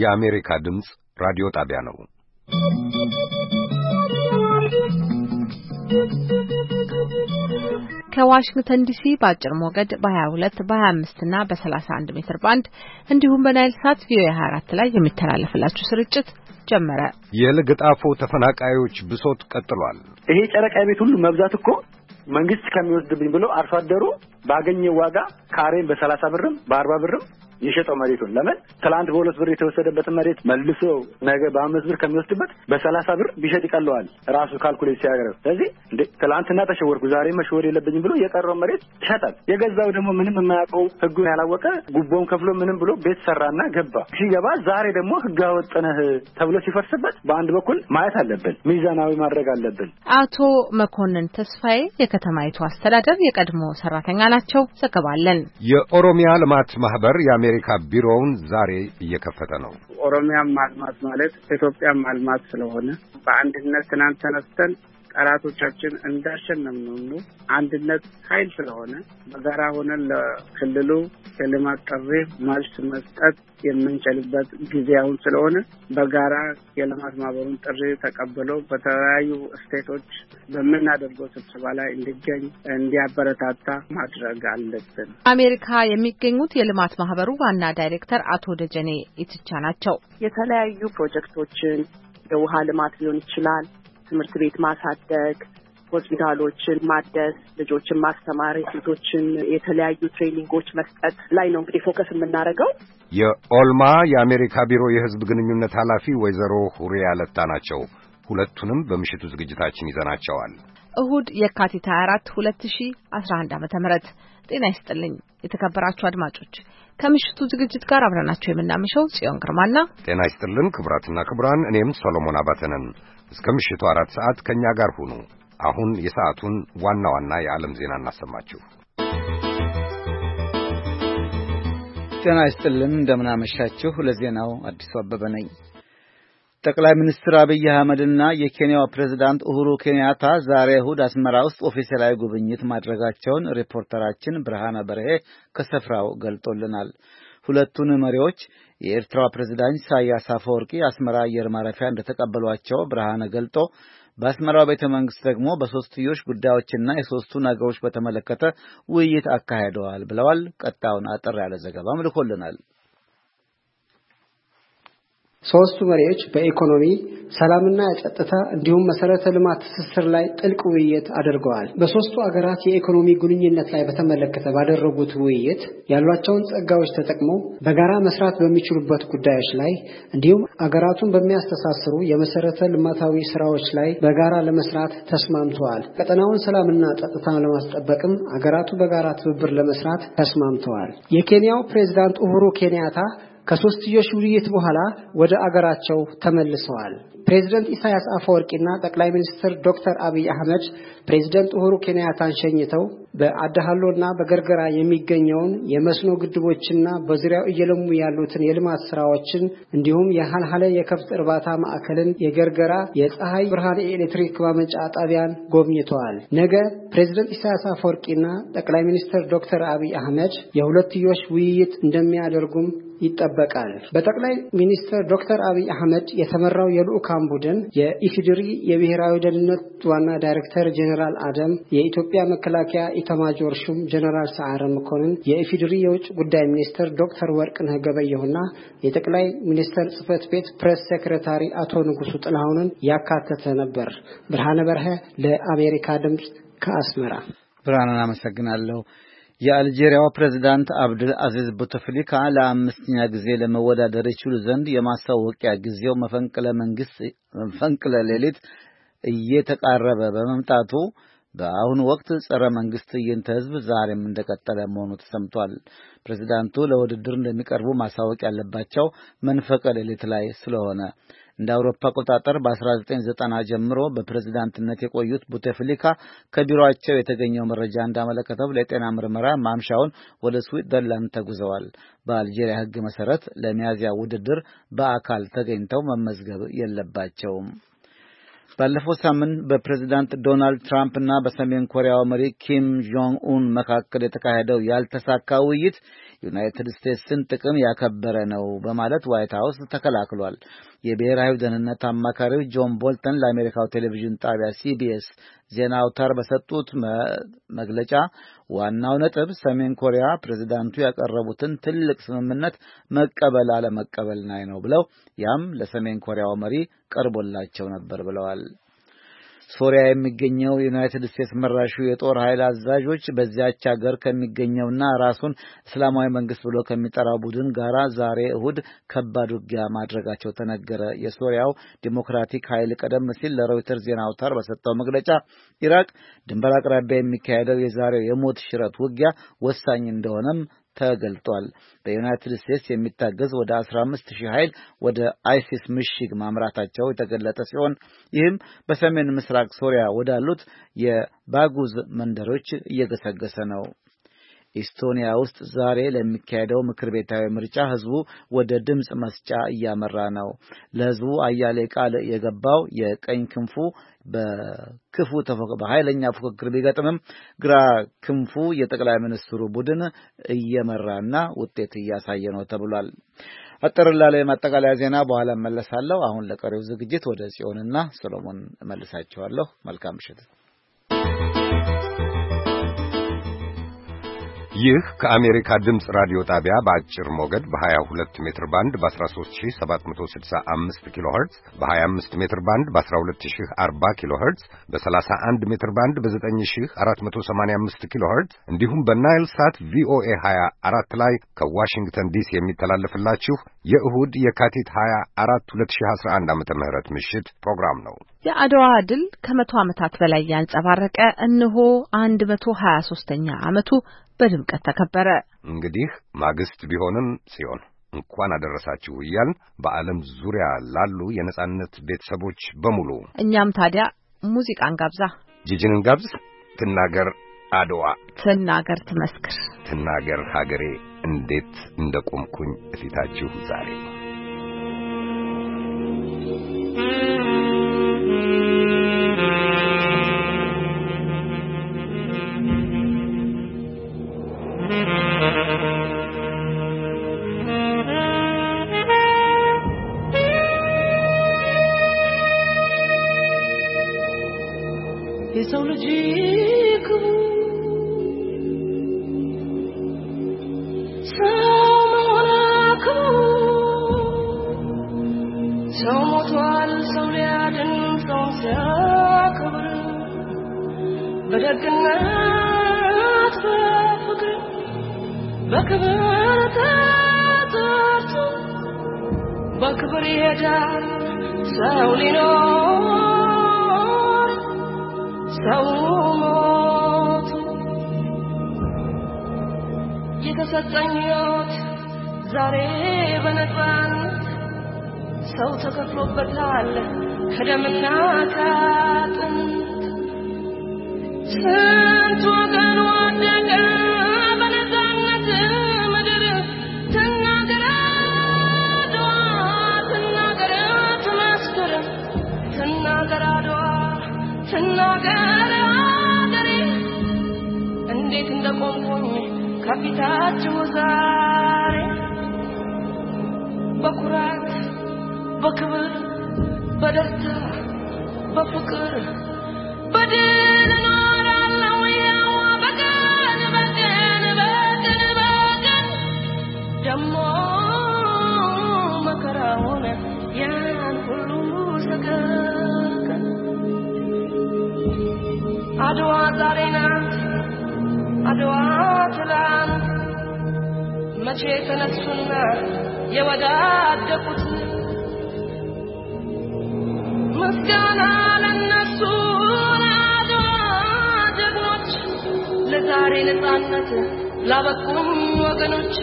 የአሜሪካ ድምፅ ራዲዮ ጣቢያ ነው። ከዋሽንግተን ዲሲ በአጭር ሞገድ በ22 በ25 እና በ31 ሜትር ባንድ እንዲሁም በናይል ሳት ቪኦኤ 24 ላይ የሚተላለፍላችሁ ስርጭት ጀመረ። የልግጣፎ ተፈናቃዮች ብሶት ቀጥሏል። ይሄ ጨረቃ ቤት ሁሉ መብዛት እኮ መንግስት ከሚወስድብኝ ብሎ አርሶ አደሩ ባገኘው ዋጋ ካሬን በሰላሳ ብርም በአርባ ብርም የሸጠው መሬቱን ለምን ትላንት በሁለት ብር የተወሰደበትን መሬት መልሶ ነገ በአምስት ብር ከሚወስድበት በሰላሳ ብር ቢሸጥ ይቀለዋል ራሱ ካልኩሌት ሲያገረብ። ስለዚህ ትላንትና ተሸወርኩ ዛሬ መሸወር የለብኝም ብሎ የቀረው መሬት ይሸጣል። የገዛው ደግሞ ምንም የማያውቀው ህጉን ያላወቀ ጉቦውን ከፍሎ ምንም ብሎ ቤት ሰራና ገባ። ሲገባ ዛሬ ደግሞ ህግ አወጥነህ ተብሎ ሲፈርስበት በአንድ በኩል ማየት አለብን፣ ሚዛናዊ ማድረግ አለብን። አቶ መኮንን ተስፋዬ የከተማይቱ አስተዳደር የቀድሞ ሰራተኛ ናቸው። ዘገባለን የኦሮሚያ ልማት ማህበር የአሜሪካ ቢሮውን ዛሬ እየከፈተ ነው። ኦሮሚያን ማልማት ማለት ኢትዮጵያን ማልማት ስለሆነ በአንድነት ትናንት ተነስተን ጠላቶቻችን እንዳሸነፍን ሁሉ አንድነት ኃይል ስለሆነ በጋራ ሆነን ለክልሉ የልማት ጥሪ መልስ መስጠት የምንችልበት ጊዜ አሁን ስለሆነ በጋራ የልማት ማህበሩን ጥሪ ተቀብሎ በተለያዩ ስቴቶች በምናደርገው ስብሰባ ላይ እንዲገኝ እንዲያበረታታ ማድረግ አለብን። አሜሪካ የሚገኙት የልማት ማህበሩ ዋና ዳይሬክተር አቶ ደጀኔ ኢትቻ ናቸው። የተለያዩ ፕሮጀክቶችን የውሃ ልማት ሊሆን ይችላል ትምህርት ቤት ማሳደግ፣ ሆስፒታሎችን ማደስ፣ ልጆችን ማስተማር፣ የሴቶችን የተለያዩ ትሬኒንጎች መስጠት ላይ ነው እንግዲህ ፎከስ የምናደርገው። የኦልማ የአሜሪካ ቢሮ የህዝብ ግንኙነት ኃላፊ ወይዘሮ ሁሪያ ለታ ናቸው። ሁለቱንም በምሽቱ ዝግጅታችን ይዘናቸዋል። እሁድ የካቲት 24 2011 ዓ.ም። ጤና ይስጥልኝ የተከበራችሁ አድማጮች፣ ከምሽቱ ዝግጅት ጋር አብረናቸው የምናመሸው ጽዮን ግርማና ጤና ይስጥልን ክቡራትና ክቡራን፣ እኔም ሰሎሞን አባተ ነን። እስከ ምሽቱ አራት ሰዓት ከእኛ ጋር ሁኑ። አሁን የሰዓቱን ዋና ዋና የዓለም ዜና እናሰማችሁ። ጤና ይስጥልን፣ እንደምናመሻችሁ። ለዜናው አዲሱ አበበ ነኝ። ጠቅላይ ሚኒስትር አብይ አህመድና የኬንያው ፕሬዝዳንት ኡሁሩ ኬንያታ ዛሬ እሁድ አስመራ ውስጥ ኦፊሴላዊ ጉብኝት ማድረጋቸውን ሪፖርተራችን ብርሃነ በርሄ ከስፍራው ገልጦልናል። ሁለቱን መሪዎች የኤርትራው ፕሬዝዳንት ኢሳያስ አፈወርቂ አስመራ አየር ማረፊያ እንደተቀበሏቸው ብርሃነ ገልጦ በአስመራው ቤተ መንግስት ደግሞ በሶስትዮሽ ጉዳዮችና የሶስቱን አገሮች በተመለከተ ውይይት አካሂደዋል ብለዋል። ቀጣዩን አጠር ያለ ዘገባም ልኮልናል። ሶስቱ መሪዎች በኢኮኖሚ፣ ሰላምና የጸጥታ እንዲሁም መሰረተ ልማት ትስስር ላይ ጥልቅ ውይይት አድርገዋል። በሶስቱ አገራት የኢኮኖሚ ግንኙነት ላይ በተመለከተ ባደረጉት ውይይት ያሏቸውን ጸጋዎች ተጠቅመው በጋራ መስራት በሚችሉበት ጉዳዮች ላይ እንዲሁም አገራቱን በሚያስተሳስሩ የመሰረተ ልማታዊ ስራዎች ላይ በጋራ ለመስራት ተስማምተዋል። ቀጠናውን ሰላምና ጸጥታ ለማስጠበቅም አገራቱ በጋራ ትብብር ለመስራት ተስማምተዋል። የኬንያው ፕሬዝዳንት ኡሁሩ ኬንያታ ከሶስትዮሽ ውይይት በኋላ ወደ አገራቸው ተመልሰዋል። ፕሬዝደንት ኢሳያስ አፈወርቂና ጠቅላይ ሚኒስትር ዶክተር አብይ አህመድ ፕሬዝደንት ኡሁሩ ኬንያታን ሸኝተው በአዳሃሎና በገርገራ የሚገኘውን የመስኖ ግድቦችና በዙሪያው እየለሙ ያሉትን የልማት ስራዎችን እንዲሁም የሀልሀለ የከብት እርባታ ማዕከልን፣ የገርገራ የፀሐይ ብርሃን የኤሌክትሪክ ማመንጫ ጣቢያን ጎብኝተዋል። ነገ ፕሬዝደንት ኢሳያስ አፈወርቂና ጠቅላይ ሚኒስትር ዶክተር አብይ አህመድ የሁለትዮሽ ውይይት እንደሚያደርጉም ይጠበቃል። በጠቅላይ ሚኒስትር ዶክተር አብይ አህመድ የተመራው የልዑካን ቡድን የኢፊድሪ የብሔራዊ ደህንነት ዋና ዳይሬክተር ጄኔራል አደም፣ የኢትዮጵያ መከላከያ ኢተማጆር ሹም ጀነራል ሰዓረ መኮንን፣ የኢፌዴሪ የውጭ ጉዳይ ሚኒስትር ዶክተር ወርቅነህ ገበየሁና የጠቅላይ ሚኒስትር ጽህፈት ቤት ፕሬስ ሴክሬታሪ አቶ ንጉሱ ጥላሁንን ያካተተ ነበር። ብርሃነ በርሀ ለአሜሪካ ድምፅ ከአስመራ። ብርሃንን አመሰግናለሁ። የአልጄሪያው ፕሬዝዳንት አብድል አዚዝ ቡተፍሊካ ለአምስተኛ ጊዜ ለመወዳደር ይችሉ ዘንድ የማስታወቂያ ጊዜው መፈንቅለ መንግስት መፈንቅለ ሌሊት እየተቃረበ በመምጣቱ በአሁኑ ወቅት ጸረ መንግስት ትዕይንተ ህዝብ ዛሬም እንደቀጠለ መሆኑ ተሰምቷል። ፕሬዚዳንቱ ለውድድር እንደሚቀርቡ ማሳወቅ ያለባቸው መንፈቀ ሌሊት ላይ ስለሆነ እንደ አውሮፓ አቆጣጠር በ1990 ጀምሮ በፕሬዝዳንትነት የቆዩት ቡቴፍሊካ ከቢሮአቸው የተገኘው መረጃ እንዳመለከተው ለጤና ምርመራ ማምሻውን ወደ ስዊትዘርላንድ ተጉዘዋል። በአልጄሪያ ህግ መሰረት ለሚያዝያ ውድድር በአካል ተገኝተው መመዝገብ የለባቸውም። ባለፈው ሳምንት በፕሬዚዳንት ዶናልድ ትራምፕ እና በሰሜን ኮሪያው መሪ ኪም ጆንግ ኡን መካከል የተካሄደው ያልተሳካ ውይይት ዩናይትድ ስቴትስን ጥቅም ያከበረ ነው በማለት ዋይት ሀውስ ተከላክሏል። የብሔራዊ ደህንነት አማካሪው ጆን ቦልተን ለአሜሪካው ቴሌቪዥን ጣቢያ ሲቢኤስ ዜና አውታር በሰጡት መግለጫ ዋናው ነጥብ ሰሜን ኮሪያ ፕሬዚዳንቱ ያቀረቡትን ትልቅ ስምምነት መቀበል አለመቀበል ናይ ነው ብለው ያም ለሰሜን ኮሪያው መሪ ቀርቦላቸው ነበር ብለዋል። ሶሪያ የሚገኘው ዩናይትድ ስቴትስ መራሹ የጦር ኃይል አዛዦች በዚያች ሀገር ከሚገኘውና ራሱን እስላማዊ መንግስት ብሎ ከሚጠራው ቡድን ጋር ዛሬ እሁድ ከባድ ውጊያ ማድረጋቸው ተነገረ። የሶሪያው ዲሞክራቲክ ኃይል ቀደም ሲል ለሮይተርስ ዜና አውታር በሰጠው መግለጫ ኢራቅ ድንበር አቅራቢያ የሚካሄደው የዛሬው የሞት ሽረት ውጊያ ወሳኝ እንደሆነም ተገልጧል። በዩናይትድ ስቴትስ የሚታገዝ ወደ 15 ሺህ ኃይል ወደ አይሲስ ምሽግ ማምራታቸው የተገለጠ ሲሆን ይህም በሰሜን ምስራቅ ሶሪያ ወዳሉት የባጉዝ መንደሮች እየገሰገሰ ነው። ኢስቶኒያ ውስጥ ዛሬ ለሚካሄደው ምክር ቤታዊ ምርጫ ህዝቡ ወደ ድምፅ መስጫ እያመራ ነው። ለህዝቡ አያሌ ቃል የገባው የቀኝ ክንፉ በክፉ በኃይለኛ ፉክክር ቢገጥምም ግራ ክንፉ የጠቅላይ ሚኒስትሩ ቡድን እየመራና ውጤት እያሳየ ነው ተብሏል። አጠር ላለ ማጠቃለያ ዜና በኋላ እመለሳለሁ። አሁን ለቀሪው ዝግጅት ወደ ጽዮንና ሰሎሞን እመልሳቸዋለሁ። መልካም ምሽት። ይህ ከአሜሪካ ድምፅ ራዲዮ ጣቢያ በአጭር ሞገድ በ22 ሜትር ባንድ በ13765 ኪሎ ኸርትዝ በ25 ሜትር ባንድ በ12040 ኪሎ ኸርትዝ በ31 ሜትር ባንድ በ9485 ኪሎ ኸርትዝ እንዲሁም በናይል ሳት ቪኦኤ 24 ላይ ከዋሽንግተን ዲሲ የሚተላለፍላችሁ የእሁድ የካቲት 24 2011 ዓመተ ምህረት ምሽት ፕሮግራም ነው። የአድዋ ድል ከመቶ ዓመታት በላይ ያንጸባረቀ እንሆ 123ኛ ዓመቱ በድምቀት ተከበረ። እንግዲህ ማግስት ቢሆንም ጽዮን እንኳን አደረሳችሁ እያል በዓለም ዙሪያ ላሉ የነጻነት ቤተሰቦች በሙሉ እኛም ታዲያ ሙዚቃን ጋብዛ ጂጂንን ጋብዝ ትናገር አድዋ ትናገር ትመስክር ትናገር ሀገሬ እንዴት እንደ ቆምኩኝ እፊታችሁ ዛሬ ምስጋና ለነሱ ለአድዋ ጀግኖች፣ ለዛሬ ነጻነት ላበቁም ወገኖች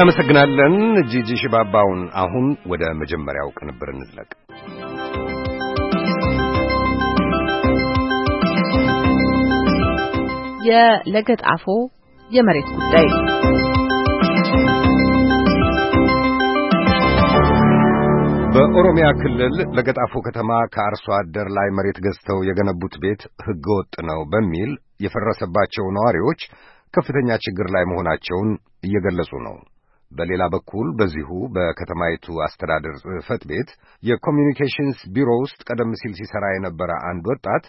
እናመሰግናለን ጂጂ ሽባባውን። አሁን ወደ መጀመሪያው ቅንብር እንዝለቅ። የለገጣፎ የመሬት ጉዳይ በኦሮሚያ ክልል ለገጣፎ ከተማ ከአርሶ አደር ላይ መሬት ገዝተው የገነቡት ቤት ወጥ ነው በሚል የፈረሰባቸው ነዋሪዎች ከፍተኛ ችግር ላይ መሆናቸውን እየገለጹ ነው። በሌላ በኩል በዚሁ በከተማይቱ አስተዳደር ጽሕፈት ቤት የኮሚኒኬሽንስ ቢሮ ውስጥ ቀደም ሲል ሲሠራ የነበረ አንድ ወጣት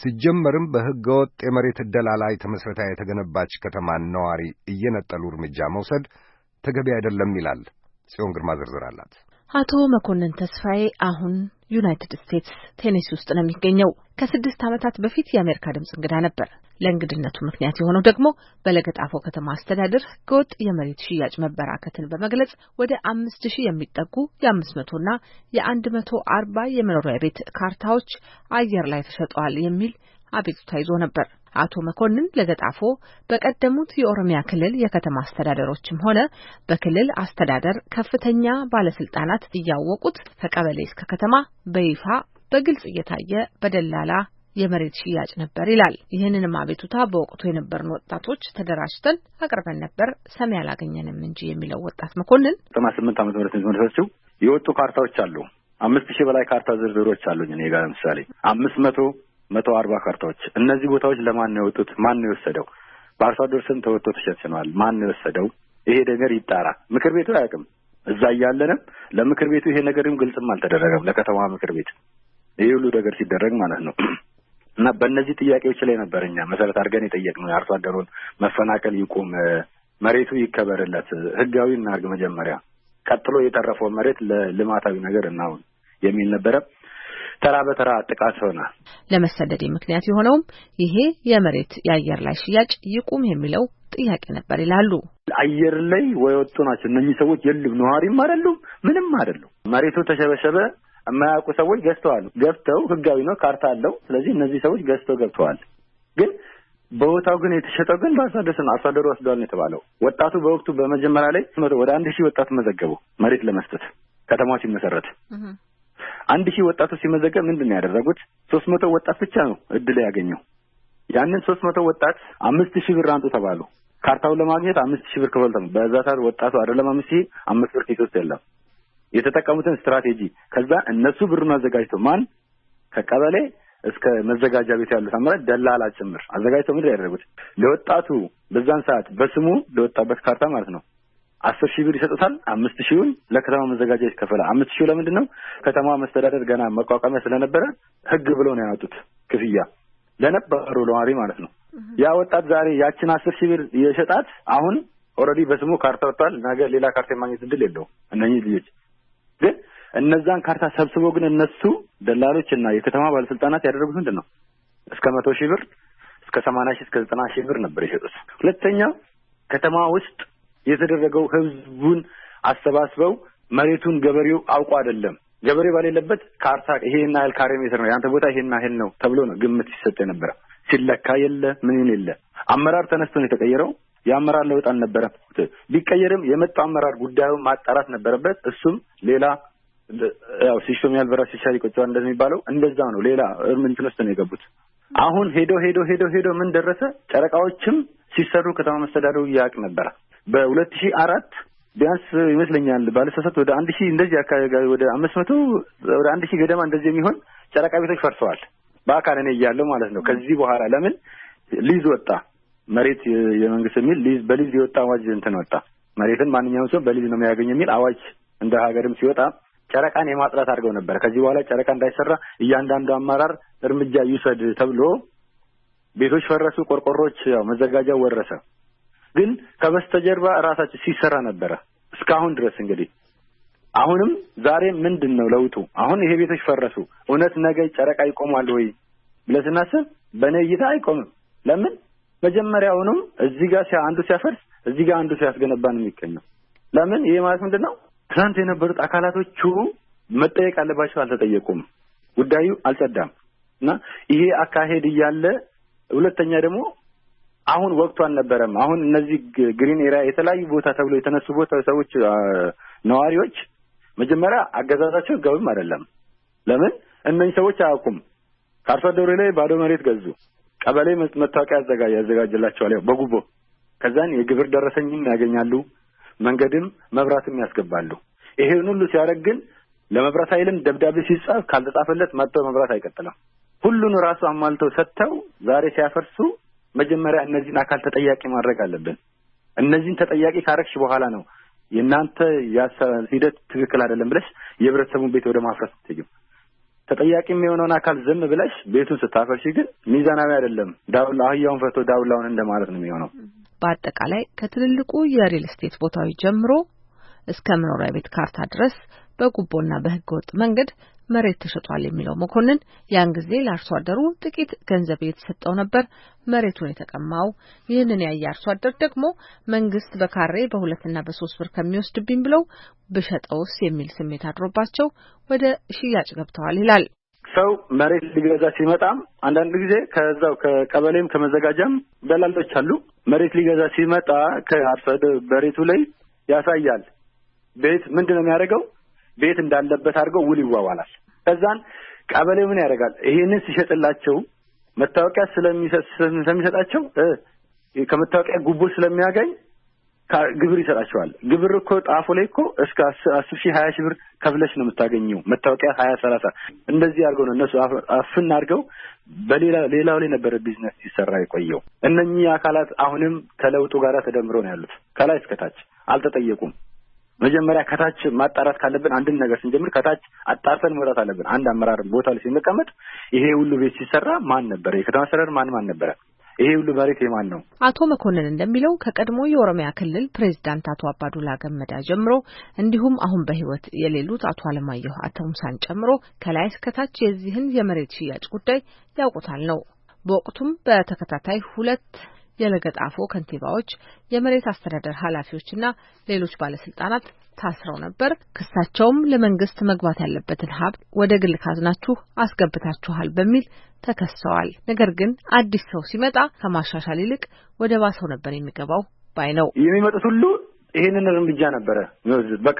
ሲጀመርም በሕገ ወጥ የመሬት ዕደላ ላይ ተመሥረታ የተገነባች ከተማን ነዋሪ እየነጠሉ እርምጃ መውሰድ ተገቢ አይደለም ይላል። ጽዮን ግርማ ዝርዝር አላት። አቶ መኮንን ተስፋዬ አሁን ዩናይትድ ስቴትስ ቴኔሲ ውስጥ ነው የሚገኘው። ከስድስት ዓመታት በፊት የአሜሪካ ድምፅ እንግዳ ነበር። ለእንግድነቱ ምክንያት የሆነው ደግሞ በለገጣፎ ከተማ አስተዳደር ህገወጥ የመሬት ሽያጭ መበራከትን በመግለጽ ወደ አምስት ሺህ የሚጠጉ የአምስት መቶና የአንድ መቶ አርባ የመኖሪያ ቤት ካርታዎች አየር ላይ ተሸጠዋል የሚል አቤቱታ ይዞ ነበር። አቶ መኮንን ለገጣፎ በቀደሙት የኦሮሚያ ክልል የከተማ አስተዳደሮችም ሆነ በክልል አስተዳደር ከፍተኛ ባለስልጣናት እያወቁት ከቀበሌ እስከ ከተማ በይፋ በግልጽ እየታየ በደላላ የመሬት ሽያጭ ነበር ይላል። ይህንንም አቤቱታ በወቅቱ የነበርን ወጣቶች ተደራጅተን አቅርበን ነበር፣ ሰሚ አላገኘንም እንጂ የሚለው ወጣት መኮንን ዘጠና ስምንት ዓመተ ምህረት የተመሰረተችው የወጡ ካርታዎች አሉ። አምስት ሺህ በላይ ካርታ ዝርዝሮች አሉኝ እኔ ጋር ለምሳሌ አምስት መቶ መቶ አርባ ካርታዎች። እነዚህ ቦታዎች ለማን ነው የወጡት? ማን ነው የወሰደው? በአርሶ አደር ስም ተወጥቶ ተሸንሽነዋል። ማን ነው የወሰደው? ይሄ ነገር ይጣራ። ምክር ቤቱ አያውቅም። እዛ እያለንም ለምክር ቤቱ ይሄ ነገርም ግልጽም አልተደረገም ለከተማ ምክር ቤት ይህ ሁሉ ነገር ሲደረግ ማለት ነው። እና በእነዚህ ጥያቄዎች ላይ ነበር እኛ መሰረት አድርገን የጠየቅነው የአርሶ አደሩን መፈናቀል ይቁም፣ መሬቱ ይከበርለት፣ ህጋዊ እናርግ መጀመሪያ፣ ቀጥሎ የተረፈውን መሬት ለልማታዊ ነገር እናሁን የሚል ነበረ። ተራ በተራ ጥቃት ሆና ለመሰደድ ምክንያት የሆነውም ይሄ የመሬት የአየር ላይ ሽያጭ ይቁም የሚለው ጥያቄ ነበር ይላሉ። አየር ላይ ወጡ ናቸው እነኚህ ሰዎች የሉም፣ ነዋሪም አይደሉም፣ ምንም አይደሉም። መሬቱ ተሸበሸበ። የማያውቁ ሰዎች ገዝተዋል። ገብተው ህጋዊ ነው፣ ካርታ አለው። ስለዚህ እነዚህ ሰዎች ገዝተው ገብተዋል። ግን በቦታው ግን የተሸጠው ግን በአርሶ አደር ነው። አርሶ አደሩ ወስደዋል ነው የተባለው። ወጣቱ በወቅቱ በመጀመሪያ ላይ ወደ አንድ ሺህ ወጣት መዘገቡ መሬት ለመስጠት ከተማው ሲመሰረት አንድ ሺህ ወጣቱ ሲመዘገብ ምንድን ነው ያደረጉት? ሶስት መቶ ወጣት ብቻ ነው እድል ያገኘው። ያንን ሶስት መቶ ወጣት አምስት ሺህ ብር አንጡ ተባሉ። ካርታውን ለማግኘት አምስት ሺህ ብር ክፈል። በዛ ሰዓት ወጣቱ አይደለም አምስት ሺህ አምስት ብር ኪስ ውስጥ የለም። የተጠቀሙትን ስትራቴጂ ከዛ እነሱ ብሩን አዘጋጅተው ማን ከቀበሌ እስከ መዘጋጃ ቤት ያሉት አመራጭ ደላላ ጭምር አዘጋጅተው ምድር ያደረጉት ለወጣቱ በዛን ሰዓት በስሙ ለወጣበት ካርታ ማለት ነው አስር ሺህ ብር ይሰጡታል። አምስት ሺውን ለከተማ መዘጋጃ ይከፈላል። አምስት ሺው ለምንድን ነው? ከተማ መስተዳደር ገና መቋቋሚያ ስለነበረ ህግ ብሎ ነው ያወጡት ክፍያ ለነበሩ ለዋሪ ማለት ነው። ያ ወጣት ዛሬ ያችን አስር ሺህ ብር የሸጣት አሁን ኦልሬዲ በስሙ ካርታ ወጥቷል። ነገ ሌላ ካርታ የማግኘት እድል የለውም። እነኚህ ልጆች ግን እነዛን ካርታ ሰብስበው ግን እነሱ ደላሎች እና የከተማ ባለስልጣናት ያደረጉት ምንድን ነው? እስከ መቶ ሺህ ብር እስከ ሰማንያ ሺህ እስከ ዘጠና ሺህ ብር ነበር የሸጡት። ሁለተኛ ከተማ ውስጥ የተደረገው ህዝቡን አሰባስበው መሬቱን ገበሬው አውቆ አይደለም ገበሬው ባሌለበት ካርታ ይሄን ያህል ካሬ ሜትር ነው የአንተ ቦታ ይሄን ያህል ነው ተብሎ ነው ግምት ሲሰጥ የነበረ። ሲለካ የለ ምን የለ አመራር ተነስቶ ነው የተቀየረው። የአመራር ለውጥ አልነበረም። ቢቀየርም የመጣ አመራር ጉዳዩን ማጣራት ነበረበት። እሱም ሌላ ያው ሲሾም ያልበራ ሲሻር ይቆጨዋል እንደሚባለው እንደዛ ነው። ሌላ እርምንትን ውስጥ ነው የገቡት። አሁን ሄዶ ሄዶ ሄዶ ሄዶ ምን ደረሰ? ጨረቃዎችም ሲሰሩ ከተማ መስተዳደሩ ያውቅ ነበረ። በሁለት ሺህ አራት ቢያንስ ይመስለኛል ባለሰሰት ወደ አንድ ሺህ እንደዚህ አካባቢ ወደ አምስት መቶ ወደ አንድ ሺህ ገደማ እንደዚህ የሚሆን ጨረቃ ቤቶች ፈርሰዋል። በአካል እኔ እያለሁ ማለት ነው። ከዚህ በኋላ ለምን ሊዝ ወጣ መሬት የመንግስት የሚል ሊዝ በሊዝ የወጣ አዋጅ እንትን ወጣ። መሬትን ማንኛውም ሰው በሊዝ ነው የሚያገኝ የሚል አዋጅ እንደ ሀገርም ሲወጣ ጨረቃን የማጽዳት አድርገው ነበረ። ከዚህ በኋላ ጨረቃ እንዳይሰራ እያንዳንዱ አመራር እርምጃ ይውሰድ ተብሎ ቤቶች ፈረሱ፣ ቆርቆሮች ያው መዘጋጃው ወረሰ። ግን ከበስተጀርባ እራሳቸው ሲሰራ ነበረ እስካሁን ድረስ እንግዲህ አሁንም ዛሬ ምንድን ነው ለውጡ? አሁን ይሄ ቤቶች ፈረሱ፣ እውነት ነገ ጨረቃ ይቆማል ወይ ብለህ ስናስብ በእኔ እይታ አይቆምም። ለምን መጀመሪያውንም እዚህ ጋር አንዱ ሲያፈርስ እዚህ ጋር አንዱ ሲያስገነባ ነው የሚገኘው። ለምን? ይሄ ማለት ምንድን ነው? ትናንት የነበሩት አካላቶቹ መጠየቅ አለባቸው፣ አልተጠየቁም። ጉዳዩ አልጸዳም እና ይሄ አካሄድ እያለ ሁለተኛ ደግሞ አሁን ወቅቱ አልነበረም። አሁን እነዚህ ግሪን ኤሪያ የተለያዩ ቦታ ተብሎ የተነሱ ቦታ ሰዎች ነዋሪዎች መጀመሪያ አገዛዛቸው ህጋዊም አይደለም። ለምን? እነኝህ ሰዎች አያውቁም። ከአርሶ አደሩ ላይ ባዶ መሬት ገዙ። ቀበሌ መታወቂያ ያዘጋ ያዘጋጅላቸዋል ያው በጉቦ ከዛን የግብር ደረሰኝም ያገኛሉ፣ መንገድም መብራትም ያስገባሉ። ይሄን ሁሉ ሲያደርግ ግን ለመብራት ኃይልም ደብዳቤ ሲጻፍ ካልተጻፈለት መጥቶ መብራት አይቀጥለም። ሁሉን ራሱ አሟልተው ሰጥተው ዛሬ ሲያፈርሱ መጀመሪያ እነዚህን አካል ተጠያቂ ማድረግ አለብን። እነዚህን ተጠያቂ ካረግሽ በኋላ ነው የእናንተ ሂደት ትክክል አይደለም ብለሽ የህብረተሰቡን ቤት ወደ ማፍረስ ትሄጂው። ተጠያቂ የሚሆነውን አካል ዝም ብለሽ ቤቱን ስታፈርሺ ግን ሚዛናዊ አይደለም። ዳውላ አህያውን ፈቶ ዳውላውን እንደማለት ነው የሚሆነው። በአጠቃላይ ከትልልቁ የሪል ስቴት ቦታዎች ጀምሮ እስከ መኖሪያ ቤት ካርታ ድረስ በጉቦና በህገወጥ መንገድ መሬት ተሸጧል የሚለው መኮንን ያን ጊዜ ለአርሶ አደሩ ጥቂት ገንዘብ እየተሰጠው ነበር። መሬቱን የተቀማው ይህንን ያየ አርሶ አደር ደግሞ መንግስት በካሬ በሁለትና በሶስት ብር ከሚወስድብኝ ብለው ብሸጠውስ የሚል ስሜት አድሮባቸው ወደ ሽያጭ ገብተዋል ይላል። ሰው መሬት ሊገዛ ሲመጣ አንዳንድ ጊዜ ከዛው ከቀበሌም ከመዘጋጃም ደላሎች አሉ። መሬት ሊገዛ ሲመጣ ከአርሶ አደር መሬቱ ላይ ያሳያል። ቤት ምንድን ነው የሚያደርገው? ቤት እንዳለበት አድርገው ውል ይዋዋላል። ከዛን ቀበሌ ምን ያደርጋል? ይሄንን ሲሸጥላቸው መታወቂያ ስለሚሰጣቸው ከመታወቂያ ጉቦ ስለሚያገኝ ግብር ይሰጣቸዋል። ግብር እኮ ጣፎ ላይ እኮ እስከ አስር ሺህ ሀያ ሺህ ብር ከፍለሽ ነው የምታገኘው። መታወቂያ ሀያ ሰላሳ እንደዚህ አድርገው ነው እነሱ አፍን አድርገው በሌላ ሌላው ላይ ነበረ ቢዝነስ ሲሰራ የቆየው። እነኚህ አካላት አሁንም ከለውጡ ጋር ተደምሮ ነው ያሉት ከላይ እስከታች አልተጠየቁም። መጀመሪያ ከታች ማጣራት ካለብን አንድን ነገር ስንጀምር ከታች አጣርተን መውጣት አለብን። አንድ አመራር ቦታ ላይ ሲመቀመጥ ይሄ ሁሉ ቤት ሲሰራ ማን ነበረ? የከተማ አስተዳደር ማን ማን ነበረ? ይሄ ሁሉ መሬት የማን ነው? አቶ መኮንን እንደሚለው ከቀድሞ የኦሮሚያ ክልል ፕሬዚዳንት አቶ አባዱላ ገመዳ ጀምሮ እንዲሁም አሁን በሕይወት የሌሉት አቶ አለማየሁ አተሙሳን ጨምሮ ከላይ እስከታች የዚህን የመሬት ሽያጭ ጉዳይ ያውቁታል ነው። በወቅቱም በተከታታይ ሁለት የለገጣፎ ከንቲባዎች፣ የመሬት አስተዳደር ኃላፊዎችና ሌሎች ባለስልጣናት ታስረው ነበር። ክሳቸውም ለመንግስት መግባት ያለበትን ሀብት ወደ ግል ካዝናችሁ አስገብታችኋል በሚል ተከሰዋል። ነገር ግን አዲስ ሰው ሲመጣ ከማሻሻል ይልቅ ወደ ባሰው ነበር የሚገባው ባይ ነው። የሚመጡት ሁሉ ይሄንን እርምጃ ነበረ የሚወስዱት። በቃ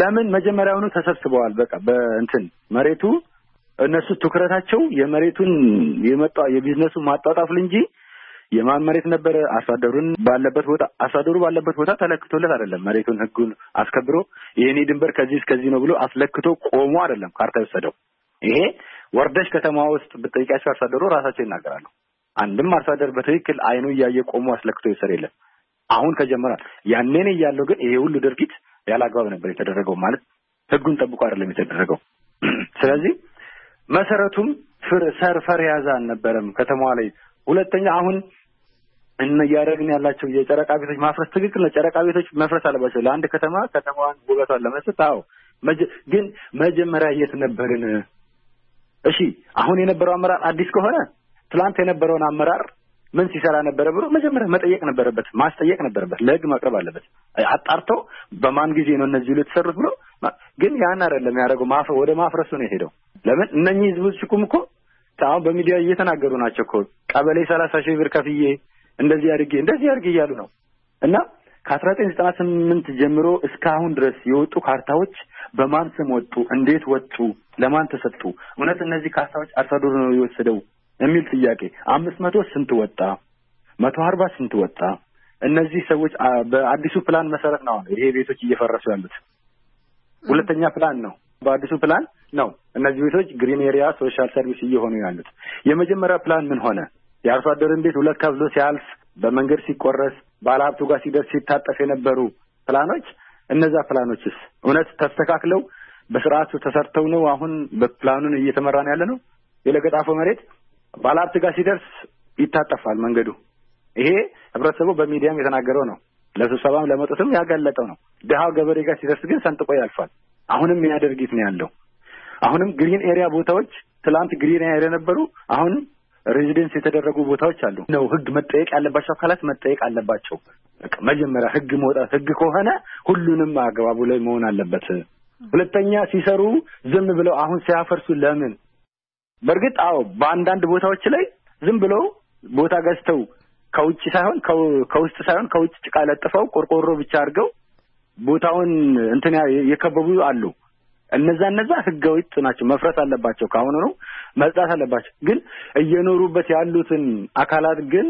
ለምን መጀመሪያውኑ ተሰብስበዋል። በቃ በእንትን መሬቱ እነሱ ትኩረታቸው የመሬቱን የመጣ የቢዝነሱን ማጣጣፍ እንጂ የማን መሬት ነበረ? አርሶ ባለበት ቦታ አርሶ ባለበት ቦታ ተለክቶለት አይደለም። መሬቱን ህጉን አስከብሮ የእኔ ድንበር ከዚህ እስከዚህ ነው ብሎ አስለክቶ ቆሞ አይደለም ካርታ የወሰደው። ይሄ ወርደሽ ከተማ ውስጥ ብጠይቃቸው አርሶ ራሳቸው ይናገራሉ። አንድም አርሶ በትክክል አይኑ እያየ ቆሞ አስለክቶ የሰር የለም። አሁን ከጀመራል ያኔን እያለው ግን ይሄ ሁሉ ድርጊት ያለ አግባብ ነበር የተደረገው። ማለት ህጉን ጠብቆ አይደለም የተደረገው። ስለዚህ መሰረቱም ፍር ሰርፈር ያዛ አልነበረም ከተማዋ ላይ። ሁለተኛ አሁን እነ እያደረግን ያላቸው የጨረቃ ቤቶች ማፍረስ ትክክል ነው። ጨረቃ ቤቶች መፍረስ አለባቸው ለአንድ ከተማ ከተማዋን ውበቷን ለመስጠት። አዎ ግን መጀመሪያ የት ነበርን? እሺ አሁን የነበረው አመራር አዲስ ከሆነ ትላንት የነበረውን አመራር ምን ሲሰራ ነበረ ብሎ መጀመሪያ መጠየቅ ነበረበት፣ ማስጠየቅ ነበረበት፣ ለህግ ማቅረብ አለበት። አጣርተው በማን ጊዜ ነው እነዚህ ሁሉ የተሰሩት ብሎ ግን ያን አይደለም ያደረገው። ማፍ ወደ ማፍረሱ ነው የሄደው። ለምን እነኚህ ህዝቦች ሲቁም እኮ አሁን በሚዲያ እየተናገሩ ናቸው እኮ ቀበሌ ሰላሳ ሺህ ብር ከፍዬ እንደዚህ አድርጌ እንደዚህ አድርጌ እያሉ ነው እና ከአስራ ዘጠኝ ዘጠና ስምንት ጀምሮ እስካሁን ድረስ የወጡ ካርታዎች በማን ስም ወጡ? እንዴት ወጡ? ለማን ተሰጡ? እውነት እነዚህ ካርታዎች አርሳዶር ነው የወሰደው የሚል ጥያቄ አምስት መቶ ስንት ወጣ? መቶ አርባ ስንት ወጣ? እነዚህ ሰዎች በአዲሱ ፕላን መሰረት ነው ይሄ ቤቶች እየፈረሱ ያሉት። ሁለተኛ ፕላን ነው በአዲሱ ፕላን ነው እነዚህ ቤቶች ግሪን ኤሪያ ሶሻል ሰርቪስ እየሆኑ ያሉት። የመጀመሪያ ፕላን ምን ሆነ? የአርሶ አደርን ቤት ሁለት ከብሎ ሲያልፍ በመንገድ ሲቆረስ ባለሀብቱ ጋር ሲደርስ ሲታጠፍ የነበሩ ፕላኖች እነዛ ፕላኖችስ እውነት ተስተካክለው በስርዓቱ ተሰርተው ነው አሁን በፕላኑን እየተመራ ነው ያለ ነው። የለገጣፎ መሬት ባለሀብት ጋር ሲደርስ ይታጠፋል መንገዱ። ይሄ ህብረተሰቡ በሚዲያም የተናገረው ነው። ለስብሰባም ለመጡትም ያጋለጠው ነው። ድሃው ገበሬ ጋር ሲደርስ ግን ሰንጥቆ ያልፋል። አሁንም ያ ነው ያለው። አሁንም ግሪን ኤሪያ ቦታዎች ትላንት ግሪን ኤሪያ የነበሩ አሁን ሬዚደንስ የተደረጉ ቦታዎች አሉ ነው ህግ መጠየቅ ያለባቸው አካላት መጠየቅ አለባቸው። በቃ መጀመሪያ ህግ መውጣት ህግ ከሆነ ሁሉንም አግባቡ ላይ መሆን አለበት። ሁለተኛ ሲሰሩ ዝም ብለው አሁን ሲያፈርሱ ለምን? በእርግጥ አዎ በአንዳንድ ቦታዎች ላይ ዝም ብለው ቦታ ገዝተው ከውጭ ሳይሆን ከውስጥ ሳይሆን ከውጭ ጭቃ ለጥፈው ቆርቆሮ ብቻ አድርገው ቦታውን እንትን የከበቡ አሉ። እነዛ እነዛ ህጋዊ ናቸው፣ መፍረስ አለባቸው፣ ከአሁኑ ነው መጽዳት አለባቸው። ግን እየኖሩበት ያሉትን አካላት ግን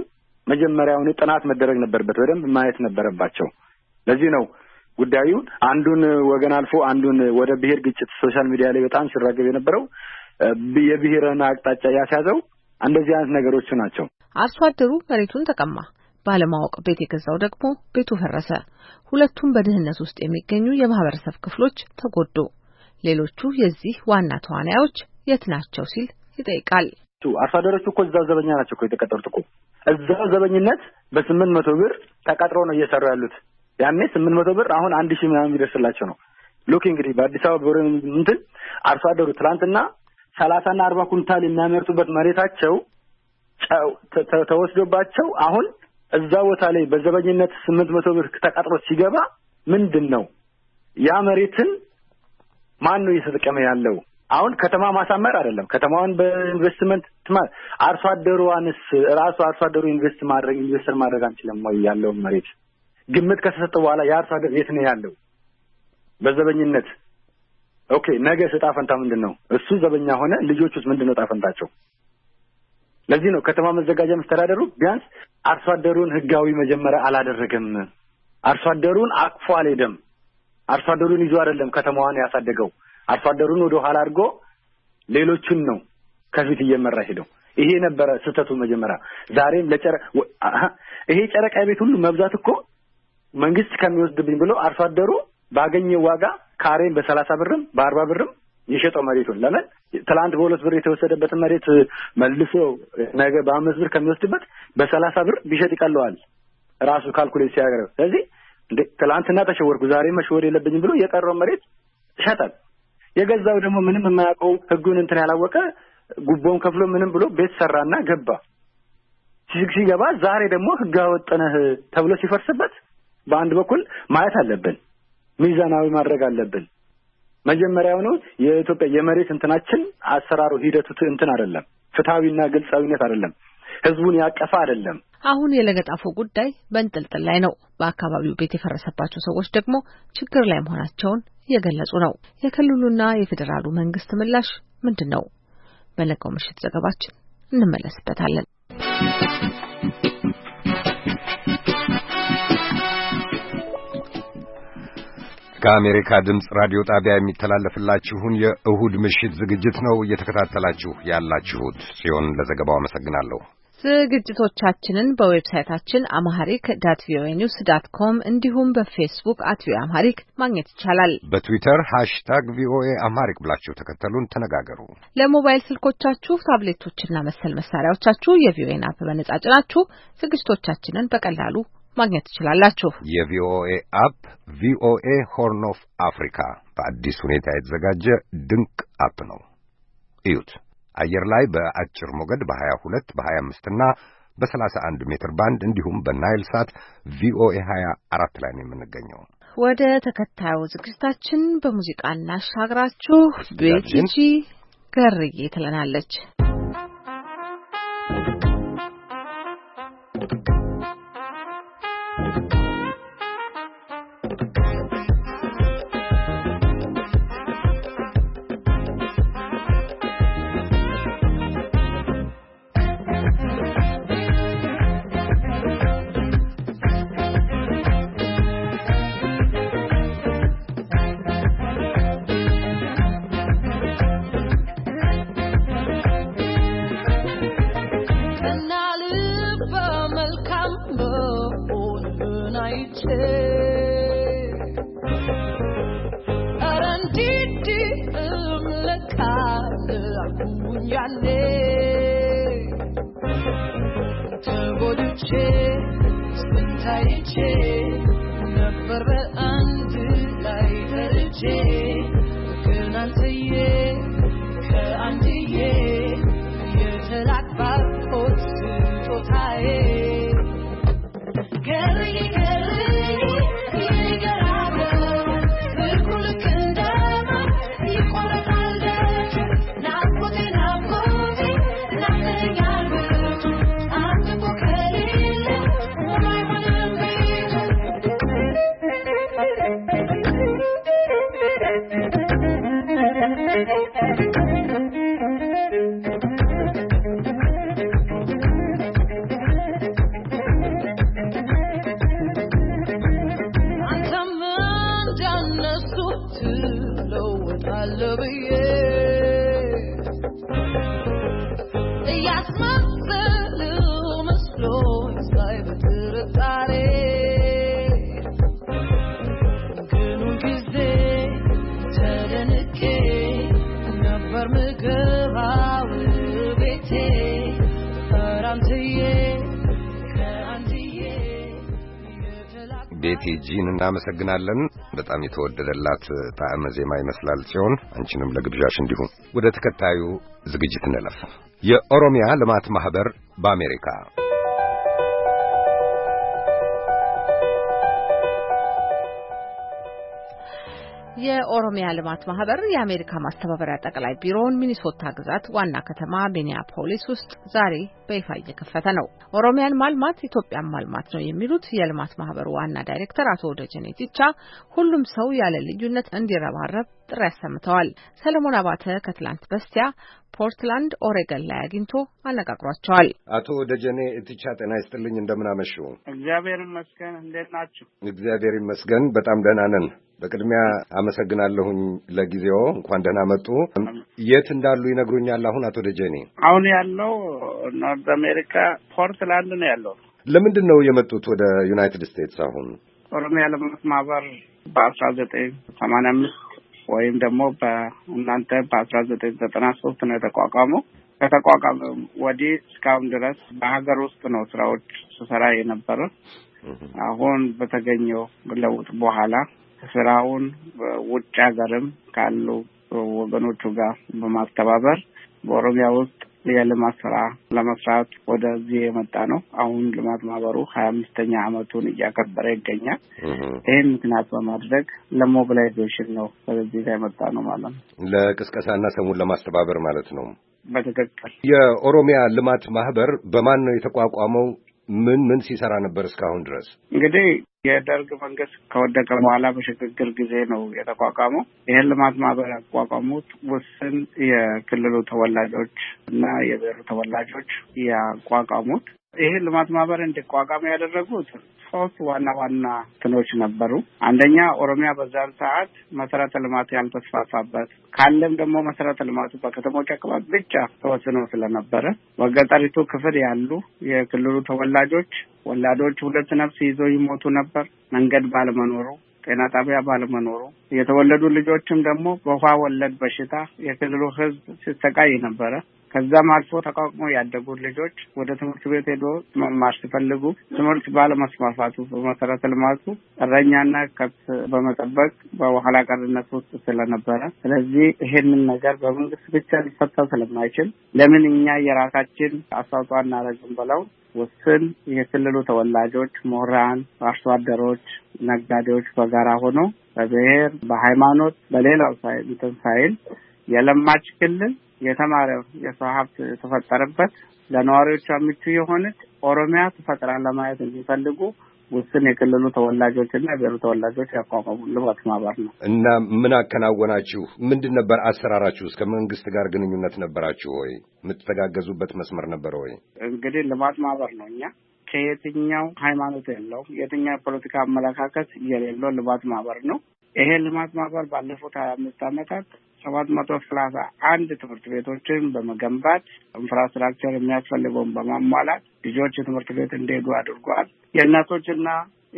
መጀመሪያውን ጥናት መደረግ ነበረበት፣ በደንብ ማየት ነበረባቸው። ለዚህ ነው ጉዳዩ አንዱን ወገን አልፎ አንዱን ወደ ብሔር ግጭት ሶሻል ሚዲያ ላይ በጣም ሲራገብ የነበረው የብሔርን አቅጣጫ ያስያዘው እንደዚህ አይነት ነገሮች ናቸው። አርሶ አደሩ መሬቱን ተቀማ፣ ባለማወቅ ቤት የገዛው ደግሞ ቤቱ ፈረሰ። ሁለቱም በድህነት ውስጥ የሚገኙ የማህበረሰብ ክፍሎች ተጎዱ። ሌሎቹ የዚህ ዋና ተዋናዮች የት ናቸው ሲል ይጠይቃል። አርሶ አደሮቹ እኮ እዛው ዘበኛ ናቸው እኮ የተቀጠሩት እኮ እዛው ዘበኝነት በስምንት መቶ ብር ተቀጥሮ ነው እየሰሩ ያሉት። ያኔ ስምንት መቶ ብር አሁን አንድ ሺህ ምናምን የሚደርስላቸው ነው። ሉክ እንግዲህ በአዲስ አበባ ቢሮ እንትን አርሶ አደሩ ትናንትና ሰላሳና አርባ ኩንታል የሚያመርቱበት መሬታቸው ተወስዶባቸው አሁን እዛ ቦታ ላይ በዘበኝነት ስምንት መቶ ብር ተቀጥሮ ሲገባ ምንድን ነው ያ መሬትን ማን ነው እየተጠቀመ ያለው? አሁን ከተማ ማሳመር አይደለም። ከተማዋን በኢንቨስትመንት ትማ አርሶ አደሯንስ ራሱ አርሶ አደሩ ኢንቨስት ማድረግ ኢንቨስተር ማድረግ አንችልም ወይ? ያለውን መሬት ግምት ከተሰጠ በኋላ የአርሶ አደር የት ነው ያለው? በዘበኝነት ኦኬ። ነገ እጣ ፈንታ ምንድን ነው? እሱ ዘበኛ ሆነ፣ ልጆቹ ምንድን ነው እጣ ፈንታቸው? ለዚህ ነው ከተማ መዘጋጃ መስተዳደሩ ቢያንስ አርሶ አደሩን ህጋዊ መጀመሪያ አላደረገም። አርሶ አደሩን አቅፎ አልሄደም። አርሶ አደሩን ይዞ አይደለም ከተማዋን ያሳደገው። አርሶ አደሩን ወደ ኋላ አድርጎ ሌሎቹን ነው ከፊት እየመራ ሄደው። ይሄ ነበረ ስህተቱ መጀመሪያ። ዛሬም ለጨረ ይሄ ጨረቃ ቤት ሁሉ መብዛት እኮ መንግስት ከሚወስድብኝ ብሎ አርሶ አደሩ ባገኘው ዋጋ ካሬን በሰላሳ ብርም በአርባ ብርም የሸጠው መሬቱን ለምን ትላንት በሁለት ብር የተወሰደበትን መሬት መልሶ ነገ በአምስት ብር ከሚወስድበት በሰላሳ ብር ቢሸጥ ይቀለዋል ራሱ ካልኩሌት ሲያገረብ። ስለዚህ እንዴ ትላንትና ተሸወርኩ ዛሬ መሸወር የለብኝም ብሎ የቀረውን መሬት ይሸጣል። የገዛው ደግሞ ምንም የማያውቀው ህጉን እንትን ያላወቀ ጉቦውን ከፍሎ ምንም ብሎ ቤት ሰራና ገባ። ሲገባ ዛሬ ደግሞ ህግ ወጠነህ ተብሎ ሲፈርስበት በአንድ በኩል ማየት አለብን፣ ሚዛናዊ ማድረግ አለብን። መጀመሪያውኑ የኢትዮጵያ የመሬት እንትናችን አሰራሩ ሂደቱ እንትን አይደለም፣ ፍትሐዊና ግልጻዊነት አይደለም። ህዝቡን ያቀፈ አይደለም። አሁን የለገጣፎ ጉዳይ በእንጥልጥል ላይ ነው። በአካባቢው ቤት የፈረሰባቸው ሰዎች ደግሞ ችግር ላይ መሆናቸውን እየገለጹ ነው። የክልሉና የፌዴራሉ መንግስት ምላሽ ምንድን ነው? በነገው ምሽት ዘገባችን እንመለስበታለን። ከአሜሪካ ድምፅ ራዲዮ ጣቢያ የሚተላለፍላችሁን የእሁድ ምሽት ዝግጅት ነው እየተከታተላችሁ ያላችሁት። ጽዮን ለዘገባው አመሰግናለሁ። ዝግጅቶቻችንን በዌብሳይታችን አማሐሪክ ዳት ቪኦኤ ኒውስ ዳት ኮም እንዲሁም በፌስቡክ አት ቪኦኤ አማሪክ ማግኘት ይቻላል። በትዊተር ሃሽታግ ቪኦኤ አማሪክ ብላችሁ ተከተሉን፣ ተነጋገሩ። ለሞባይል ስልኮቻችሁ ታብሌቶችና መሰል መሳሪያዎቻችሁ የቪኦኤን አፕ በነጻ ጭናችሁ ዝግጅቶቻችንን በቀላሉ ማግኘት ትችላላችሁ። የቪኦኤ አፕ ቪኦኤ ሆርን ኦፍ አፍሪካ በአዲስ ሁኔታ የተዘጋጀ ድንቅ አፕ ነው። እዩት። አየር ላይ በአጭር ሞገድ በ22 በ25 እና በ31 ሜትር ባንድ እንዲሁም በናይል ሳት ቪኦኤ 24 ላይ ነው የምንገኘው። ወደ ተከታዩ ዝግጅታችን በሙዚቃ እናሻግራችሁ። ቤቲጂ ገርዬ ትለናለች። ዳጊን እናመሰግናለን። በጣም የተወደደላት ጣዕመ ዜማ ይመስላል ሲሆን አንቺንም ለግብዣሽ እንዲሁም ወደ ተከታዩ ዝግጅት እንለፍ። የኦሮሚያ ልማት ማህበር በአሜሪካ የኦሮሚያ ልማት ማህበር የአሜሪካ ማስተባበሪያ ጠቅላይ ቢሮውን ሚኒሶታ ግዛት ዋና ከተማ ሚኒያፖሊስ ውስጥ ዛሬ በይፋ እየከፈተ ነው። ኦሮሚያን ማልማት ኢትዮጵያን ማልማት ነው የሚሉት የልማት ማህበሩ ዋና ዳይሬክተር አቶ ደጀኔ ቲቻ ሁሉም ሰው ያለ ልዩነት እንዲረባረብ ጥሪ አሰምተዋል። ሰለሞን አባተ ከትላንት በስቲያ ፖርትላንድ ኦሬገን ላይ አግኝቶ አነጋግሯቸዋል። አቶ ደጀኔ እትቻ ጤና ይስጥልኝ፣ እንደምን አመሹ? እግዚአብሔር ይመስገን። እንዴት ናችሁ? እግዚአብሔር ይመስገን፣ በጣም ደህና ነን። በቅድሚያ አመሰግናለሁኝ ለጊዜው እንኳን ደህና መጡ። የት እንዳሉ ይነግሩኛል? አሁን አቶ ደጀኔ አሁን ያለው ኖርት አሜሪካ ፖርትላንድ ነው ያለው። ለምንድን ነው የመጡት ወደ ዩናይትድ ስቴትስ? አሁን ኦሮሚያ ልማት ማህበር በአስራ ዘጠኝ ሰማንያ አምስት ወይም ደግሞ በእናንተ በአስራ ዘጠኝ ዘጠና ሶስት ነው የተቋቋመው። ከተቋቋመ ወዲህ እስካሁን ድረስ በሀገር ውስጥ ነው ስራዎች ስሰራ የነበረ። አሁን በተገኘው ለውጥ በኋላ ስራውን በውጭ ሀገርም ካሉ ወገኖቹ ጋር በማስተባበር በኦሮሚያ ውስጥ የልማት ስራ ለመስራት ወደዚህ የመጣ ነው። አሁን ልማት ማህበሩ ሀያ አምስተኛ አመቱን እያከበረ ይገኛል። ይህን ምክንያት በማድረግ ለሞቢላይዜሽን ነው ወደዚህ የመጣ ነው ማለት ነው። ለቅስቀሳና ሰሙን ለማስተባበር ማለት ነው። በትክክል የኦሮሚያ ልማት ማህበር በማን ነው የተቋቋመው? ምን ምን ሲሰራ ነበር እስካሁን ድረስ? እንግዲህ የደርግ መንግስት ከወደቀ በኋላ በሽግግር ጊዜ ነው የተቋቋመው። ይህን ልማት ማህበር ያቋቋሙት ውስን የክልሉ ተወላጆች እና የብሔሩ ተወላጆች ያቋቋሙት ይሄ ልማት ማህበር እንዲቋቋም ያደረጉት ሶስት ዋና ዋና ትኖች ነበሩ። አንደኛ ኦሮሚያ በዛን ሰዓት መሰረተ ልማት ያልተስፋፋበት ካለም ደግሞ መሰረተ ልማቱ በከተሞች አካባቢ ብቻ ተወስኖ ስለነበረ በገጠሪቱ ክፍል ያሉ የክልሉ ተወላጆች ወላዶች ሁለት ነፍስ ይዘው ይሞቱ ነበር። መንገድ ባለመኖሩ፣ ጤና ጣቢያ ባለመኖሩ የተወለዱ ልጆችም ደግሞ በውሃ ወለድ በሽታ የክልሉ ሕዝብ ሲሰቃይ ነበረ። ከዛም አልፎ ተቋቁሞ ያደጉ ልጆች ወደ ትምህርት ቤት ሄዶ መማር ሲፈልጉ ትምህርት ባለመስፋፋቱ በመሰረተ ልማቱ እረኛና ከብት በመጠበቅ በኋላ ቀርነት ውስጥ ስለነበረ፣ ስለዚህ ይሄንን ነገር በመንግስት ብቻ ሊፈታ ስለማይችል ለምን እኛ የራሳችን አስተዋጽኦ እናደርግም ብለው ውስን የክልሉ ተወላጆች፣ ምሁራን፣ አርሶ አደሮች፣ ነጋዴዎች በጋራ ሆኖ በብሔር፣ በሃይማኖት፣ በሌላው ሳይል የለማች ክልል የተማረ የሰው ሀብት የተፈጠረበት ለነዋሪዎቿ ምቹ የሆነች ኦሮሚያ ተፈጥራ ለማየት የሚፈልጉ ውስን የክልሉ ተወላጆችና የብሔሩ ተወላጆች ያቋቋሙ ልማት ማህበር ነው። እና ምን አከናወናችሁ? ምንድን ነበር አሰራራችሁ? እስከ መንግስት ጋር ግንኙነት ነበራችሁ ወይ? የምትተጋገዙበት መስመር ነበር ወይ? እንግዲህ ልማት ማህበር ነው። እኛ ከየትኛው ሃይማኖት የለው የትኛው የፖለቲካ አመለካከት የሌለው ልማት ማህበር ነው። ይሄ ልማት ማህበር ባለፉት ሀያ አምስት አመታት ሰባት መቶ ሰላሳ አንድ ትምህርት ቤቶችን በመገንባት ኢንፍራስትራክቸር የሚያስፈልገውን በማሟላት ልጆች ትምህርት ቤት እንዲሄዱ አድርጓል። የእናቶችና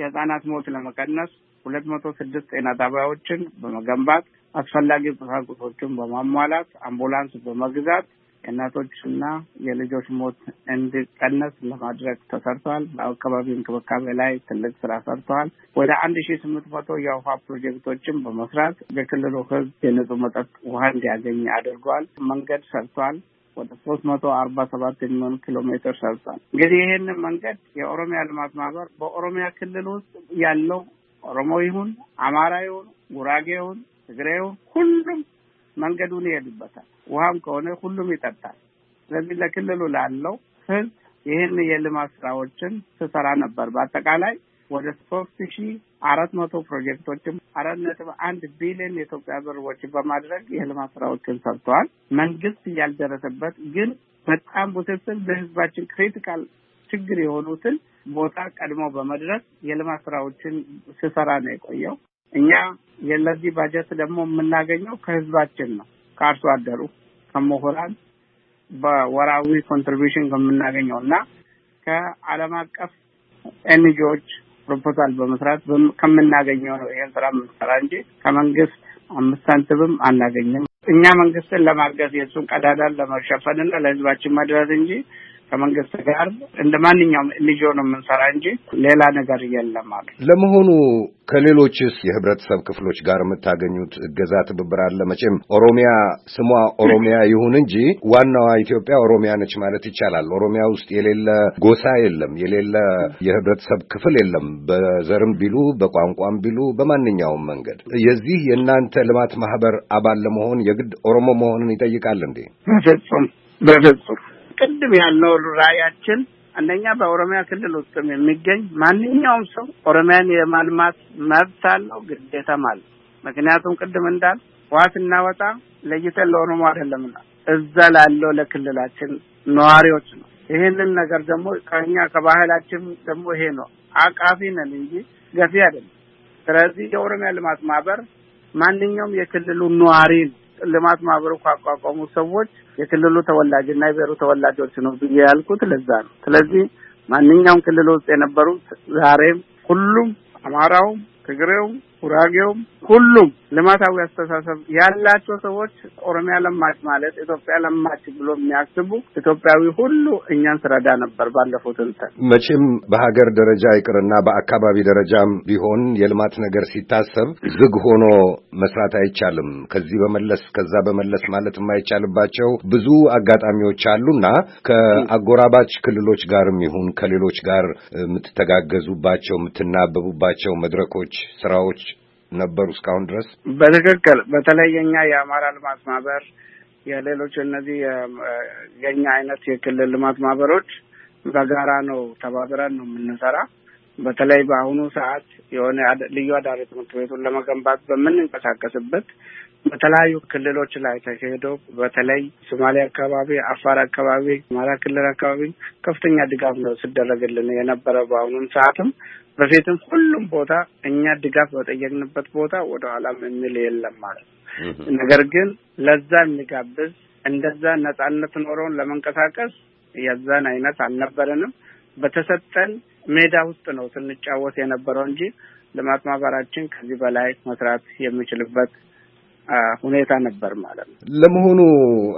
የህጻናት ሞት ለመቀነስ ሁለት መቶ ስድስት ጤና ጣቢያዎችን በመገንባት አስፈላጊ ቁሳቁሶችን በማሟላት አምቡላንስ በመግዛት የእናቶችና የልጆች ሞት እንዲቀነስ ለማድረግ ተሰርተዋል። በአካባቢ እንክብካቤ ላይ ትልቅ ስራ ሰርተዋል። ወደ አንድ ሺ ስምንት መቶ የውሃ ፕሮጀክቶችን በመስራት የክልሉ ህዝብ የንጹህ መጠጥ ውሃ እንዲያገኝ አድርጓል። መንገድ ሰርተዋል። ወደ ሶስት መቶ አርባ ሰባት የሚሆኑ ኪሎ ሜትር ሰርቷል። እንግዲህ ይህንን መንገድ የኦሮሚያ ልማት ማህበር በኦሮሚያ ክልል ውስጥ ያለው ኦሮሞ ይሁን አማራ ይሁን ጉራጌ ይሁን ትግሬ ይሁን ሁሉም መንገዱን ይሄዱበታል። ውሃም ከሆነ ሁሉም ይጠጣል። ስለዚህ ለክልሉ ላለው ህዝብ ይህን የልማት ስራዎችን ስሰራ ነበር። በአጠቃላይ ወደ ሶስት ሺ አራት መቶ ፕሮጀክቶችም አራት ነጥብ አንድ ቢሊዮን የኢትዮጵያ ብር ወጪ በማድረግ የልማት ስራዎችን ሰርተዋል። መንግስት እያልደረሰበት ግን በጣም ውስብስብ ለህዝባችን ክሪቲካል ችግር የሆኑትን ቦታ ቀድሞ በመድረስ የልማት ስራዎችን ስሰራ ነው የቆየው። እኛ የለዚህ ባጀት ደግሞ የምናገኘው ከህዝባችን ነው፣ ከአርሶ አደሩ፣ ከምሁራን በወራዊ ኮንትሪቢሽን ከምናገኘው እና ከዓለም አቀፍ ኤንጂዎች ፕሮፖዛል በመስራት ከምናገኘው ነው ይህን ስራ የምንሰራ እንጂ ከመንግስት አምስት ሳንቲምም አናገኝም። እኛ መንግስትን ለማገዝ የእሱን ቀዳዳን ለመሸፈንና ለህዝባችን መድረስ እንጂ ከመንግስት ጋር እንደ ማንኛውም ልጆ ነው የምንሰራ እንጂ ሌላ ነገር የለም አሉ። ለመሆኑ ከሌሎችስ የህብረተሰብ ክፍሎች ጋር የምታገኙት እገዛ ትብብር አለ? መቼም ኦሮሚያ ስሟ ኦሮሚያ ይሁን እንጂ ዋናዋ ኢትዮጵያ ኦሮሚያ ነች ማለት ይቻላል። ኦሮሚያ ውስጥ የሌለ ጎሳ የለም፣ የሌለ የህብረተሰብ ክፍል የለም። በዘርም ቢሉ በቋንቋም ቢሉ በማንኛውም መንገድ የዚህ የእናንተ ልማት ማህበር አባል ለመሆን የግድ ኦሮሞ መሆንን ይጠይቃል እንዴ? በፍጹም በፍጹም ቅድም ያልነው ራዕያችን አንደኛ በኦሮሚያ ክልል ውስጥም የሚገኝ ማንኛውም ሰው ኦሮሚያን የማልማት መብት አለው፣ ግዴታም አለ ምክንያቱም ቅድም እንዳል ዋት እናወጣ ለይተን ለኦሮሞ አይደለምና እዛ ላለው ለክልላችን ነዋሪዎች ነው። ይህንን ነገር ደግሞ ከኛ ከባህላችን ደግሞ ይሄ ነው አቃፊ ነን እንጂ ገፊ አይደለም። ስለዚህ የኦሮሚያ ልማት ማህበር ማንኛውም የክልሉ ነዋሪ ነው ልማት ማህበሩ ካቋቋሙ ሰዎች የክልሉ ተወላጅና የብሔሩ ተወላጆች ነው ብዬ ያልኩት ለዛ ነው። ስለዚህ ማንኛውም ክልል ውስጥ የነበሩት ዛሬም ሁሉም አማራውም፣ ትግሬውም፣ ጉራጌውም፣ ሁሉም ልማታዊ አስተሳሰብ ያላቸው ሰዎች ኦሮሚያ ለማች ማለት ኢትዮጵያ ለማች ብሎ የሚያስቡ ኢትዮጵያዊ ሁሉ እኛን ስረዳ ነበር። ባለፉት እንትን መቼም በሀገር ደረጃ ይቅርና በአካባቢ ደረጃም ቢሆን የልማት ነገር ሲታሰብ ዝግ ሆኖ መስራት አይቻልም። ከዚህ በመለስ ከዛ በመለስ ማለት የማይቻልባቸው ብዙ አጋጣሚዎች አሉና ከአጎራባች ክልሎች ጋርም ይሁን ከሌሎች ጋር የምትተጋገዙባቸው የምትናበቡባቸው መድረኮች፣ ስራዎች ነበሩ እስካሁን ድረስ በትክክል በተለይ የኛ የአማራ ልማት ማህበር የሌሎች እነዚህ የኛ አይነት የክልል ልማት ማህበሮች በጋራ ነው ተባብረን ነው የምንሰራ። በተለይ በአሁኑ ሰዓት የሆነ ልዩ አዳሪ ትምህርት ቤቱን ለመገንባት በምንንቀሳቀስበት በተለያዩ ክልሎች ላይ ተካሄደው በተለይ ሶማሌ አካባቢ፣ አፋር አካባቢ፣ አማራ ክልል አካባቢ ከፍተኛ ድጋፍ ነው ሲደረግልን የነበረ። በአሁኑም ሰዓትም በፊትም ሁሉም ቦታ እኛ ድጋፍ በጠየቅንበት ቦታ ወደ ኋላም የሚል የለም ማለት ነው። ነገር ግን ለዛ የሚጋብዝ እንደዛ ነጻነት ኖረውን ለመንቀሳቀስ የዛን አይነት አልነበረንም። በተሰጠን ሜዳ ውስጥ ነው ስንጫወት የነበረው እንጂ ልማት ማህበራችን ከዚህ በላይ መስራት የሚችልበት ሁኔታ ነበር ማለት ነው። ለመሆኑ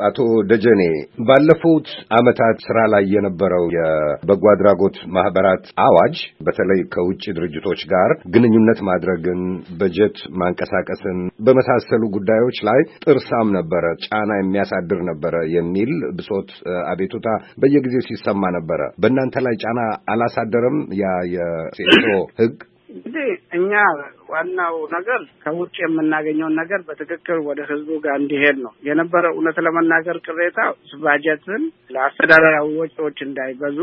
አቶ ደጀኔ ባለፉት ዓመታት ስራ ላይ የነበረው የበጎ አድራጎት ማህበራት አዋጅ በተለይ ከውጭ ድርጅቶች ጋር ግንኙነት ማድረግን፣ በጀት ማንቀሳቀስን በመሳሰሉ ጉዳዮች ላይ ጥርሳም ነበረ፣ ጫና የሚያሳድር ነበረ የሚል ብሶት፣ አቤቱታ በየጊዜው ሲሰማ ነበረ። በእናንተ ላይ ጫና አላሳደረም ያ የሴቶ ህግ? እንግዲህ እኛ ዋናው ነገር ከውጭ የምናገኘውን ነገር በትክክል ወደ ህዝቡ ጋር እንዲሄድ ነው የነበረ። እውነት ለመናገር ቅሬታ ባጀትን ለአስተዳደራዊ ወጪዎች እንዳይበዙ